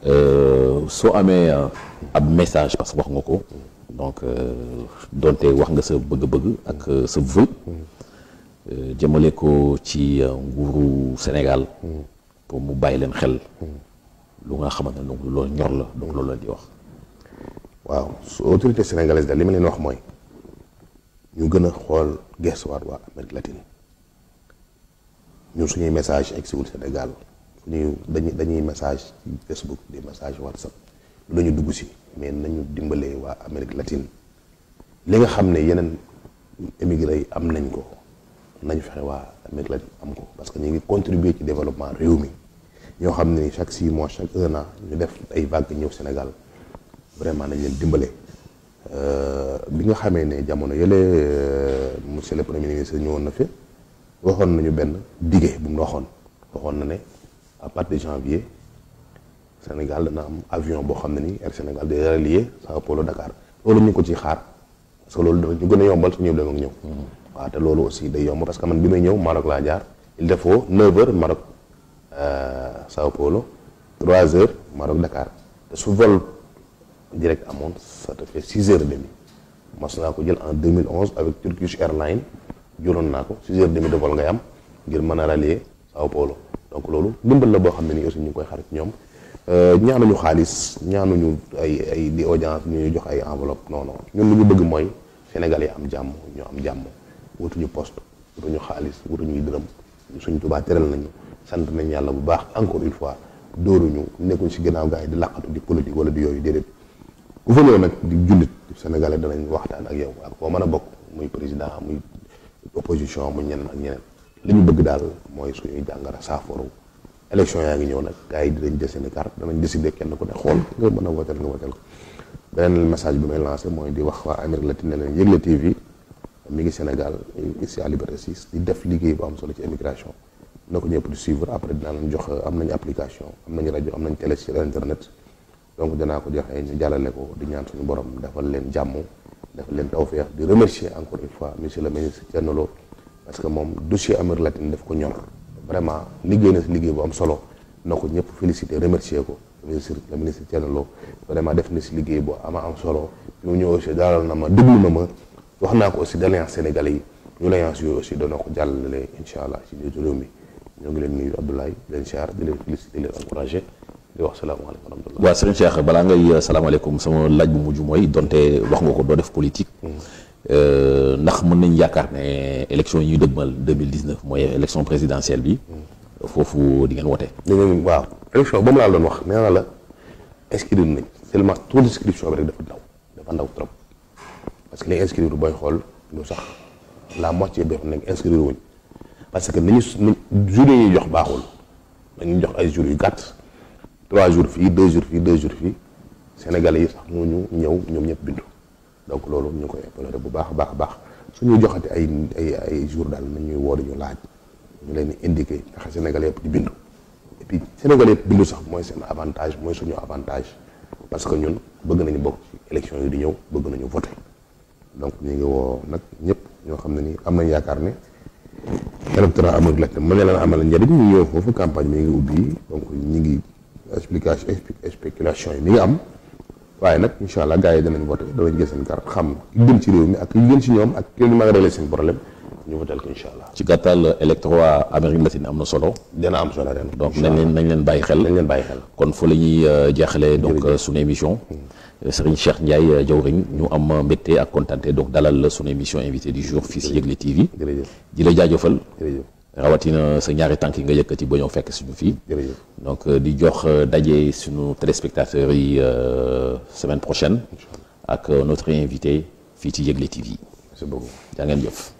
euh, soo amee euh, ab message parce que wax nga ko donc euh, donte wax nga sa bëgg-bëgg ak sa vœu jëmale ko ci nguuru Sénégal pour mu bàyyi leen xel lu nga xamante ne donc loolu ñor la donc loolu la di wax waaw su autorité sénégalaise dal li ma leen wax mooy ñu gën a xool gestuwaat waa Amérique latine ñun suñuy message egg siwul Sénégal ñu dañuy dañuy message Facebook di message WhatsApp lu ñu dugg si mais nañu dimbalee waa Amérique latine li nga xam ne yeneen émigré yi am nañ ko nañu fexe waa Amérique latine am ko parce que ñu ngi contribuer ci développement réew mi ñoo xam ne chaque si mois chaque un an ñu def ay vagues ñëw Sénégal vraiment nañ leen dimbale euh, bi nga xamee ne jamono yële euh, monsieur le premier ministre ñëwoon na fi waxoon nañu benn dige bu mu waxoon waxoon na ne. à partir de janvier Sénégal dana am avion boo xam ne ni Air Sénégal day relier Sao Paulo Dakar loolu ñu ko ci xaar parce que loolu ñu gën a yombal suñu dem ak ñëw. Mm-hmm. waaw te loolu aussi day yomb parce que man bi may ñëw Maroc laa jaar il defoo 9h Maroc euh, Sao Paulo 3h Maroc Dakar te su vol direct amoon ça te fait 6 h mas naa ko jël en 2011 avec Turkish Airlines jëloon naa ko 6h30 de vol ngay am ngir mën a relier Sao Paulo. donc loolu ndimbal la boo xam ne nii aussi ñu koy xarit ñoom euh, ñu xaalis ñaanuñu ay ay di audience ñu jox ay enveloppe non non ñun lu ñu bëgg mooy Sénégal yi am jàmm ñu am jàmm wutuñu poste wutuñu xaalis wutuñuy dërëm suñ tubaa teral nañu sant nañ yàlla bu baax encore une fois dóoruñu nekkuñ si ginnaaw gars yi di làqatu di politique wala di yooyu déedéet ku fa nag di jullit sénégalais danañ waxtaan ak yow ak koo mën a bokk muy président muy opposition muy ñeneen ak ñeneen li ñu bëgg daal mooy suñuy jàngara saafaru élection yaa ngi ñëw nag gars yi dinañ jël seeni carte danañ décider kenn ku ne xool nga mën a wooteel nga wooteel ko beneen message bi may lancé mooy di wax waa Amérique latine ne leen Yegle TV mi ngi Sénégal ici à Liberté di def liggéey bu am solo ci immigration na ko ñëpp di suivre après dinaa leen jox am nañu application am nañu rajo am nañu télé sur internet donc danaa ko joxe ñu jàllale ko di ñaan suñu borom defal leen jàmm defal leen tawfeex di remercier encore une fois monsieur le ministre Thierno Lo parce que moom dossier Amérique latine daf ko ñor vraiment liggéey na si liggéey bu am solo na ko ñëpp félicité remercier ko ministre le ministre Thierno Lo vraiment def na si liggéey boo amaa am solo bi mu ñëw aussi dalal na ma déglu na ma wax naa ko aussi d'alliance sénégal yi ñu l'alliance yooyu aussi dana ko jàllale incha allah ci biir réew mi ñoo ngi leen nuyu Abdoulaye di leen siyaar di leen félicité leen encouragé di wax salaamaaleykum rahmatulah. waaw sëriñ Cheikh balaa ngay euh, salaamaaleykum sama laaj bu mujj mooy donte wax nga ko doo def politique. Mm-hmm. Euh, ndax mën nañ yaakaar ne élection yi ñuy dëgmal 2019 mooy élection présidentielle bi foofu di ngeen wote di ngeen waaw élection ba mu laa doon wax nee naa la inscrire nañ seulement taux d'inscription bi rek dafa ndaw dafa ndaw trop parce que les inscrire booy xool lu sax la moitié bi nekk inscrire wuñ parce que nañu journée yi jox baaxul nañu jox ay jours yu gàtt trois jours fii deux jours fii deux jours fii Sénégalais yi sax moo ñu ñëw ñoom ñëpp bindu donc loolu ñu koy évaluer bu baax a baax a baax suñuy joxati ay ay ay jour daal na ñuy woo dañu laaj ñu leen di indiqué ndax Sénégal yëpp di bindu et puis bindu sax mooy seen avantage mooy suñu avantage parce que ñun bëgg nañu bokk ci élection yi di ñëw bëgg nañu voter donc ñu ngi woo nag ñëpp ñoo xam ne nii am nañ yaakaar ne électorat amul laajte mën na leen amal njëriñ ñu ñëw foofu campagne mi ngi ubbi donc ñu ngi explication spéculation yi mi ngi am. waaye nag incha allah gars yi danañ voté danañ jël seen carte xam li gën ci réew mi ak li gën ci a régler seen problème ñu votel ko incha allah. ci gàttal électorat Amérique latine am na solo. dina am solo ren. donc nañ leen nañ leen bàyyi xel. nañ leen bàyyi xel kon fa la ñuy euh, jeexalee donc euh, sunu émission. Hmm. Serigne Cheikh Ndiaye euh, jawriñ ñu am mbégte ak kontaante donc dalal la sunu émission invité du jour fii si Yegle TV. jërëjëf di la jaajëfal. rawatina sa ñaari tànk yi nga yëkkati ba ñëw fekk suñu fii. donc euh, di jox euh, daje suñu téléspectateurs yi euh, semaine prochaine. ak notre invité fii ci Yegle TV. merci ngeen jëf.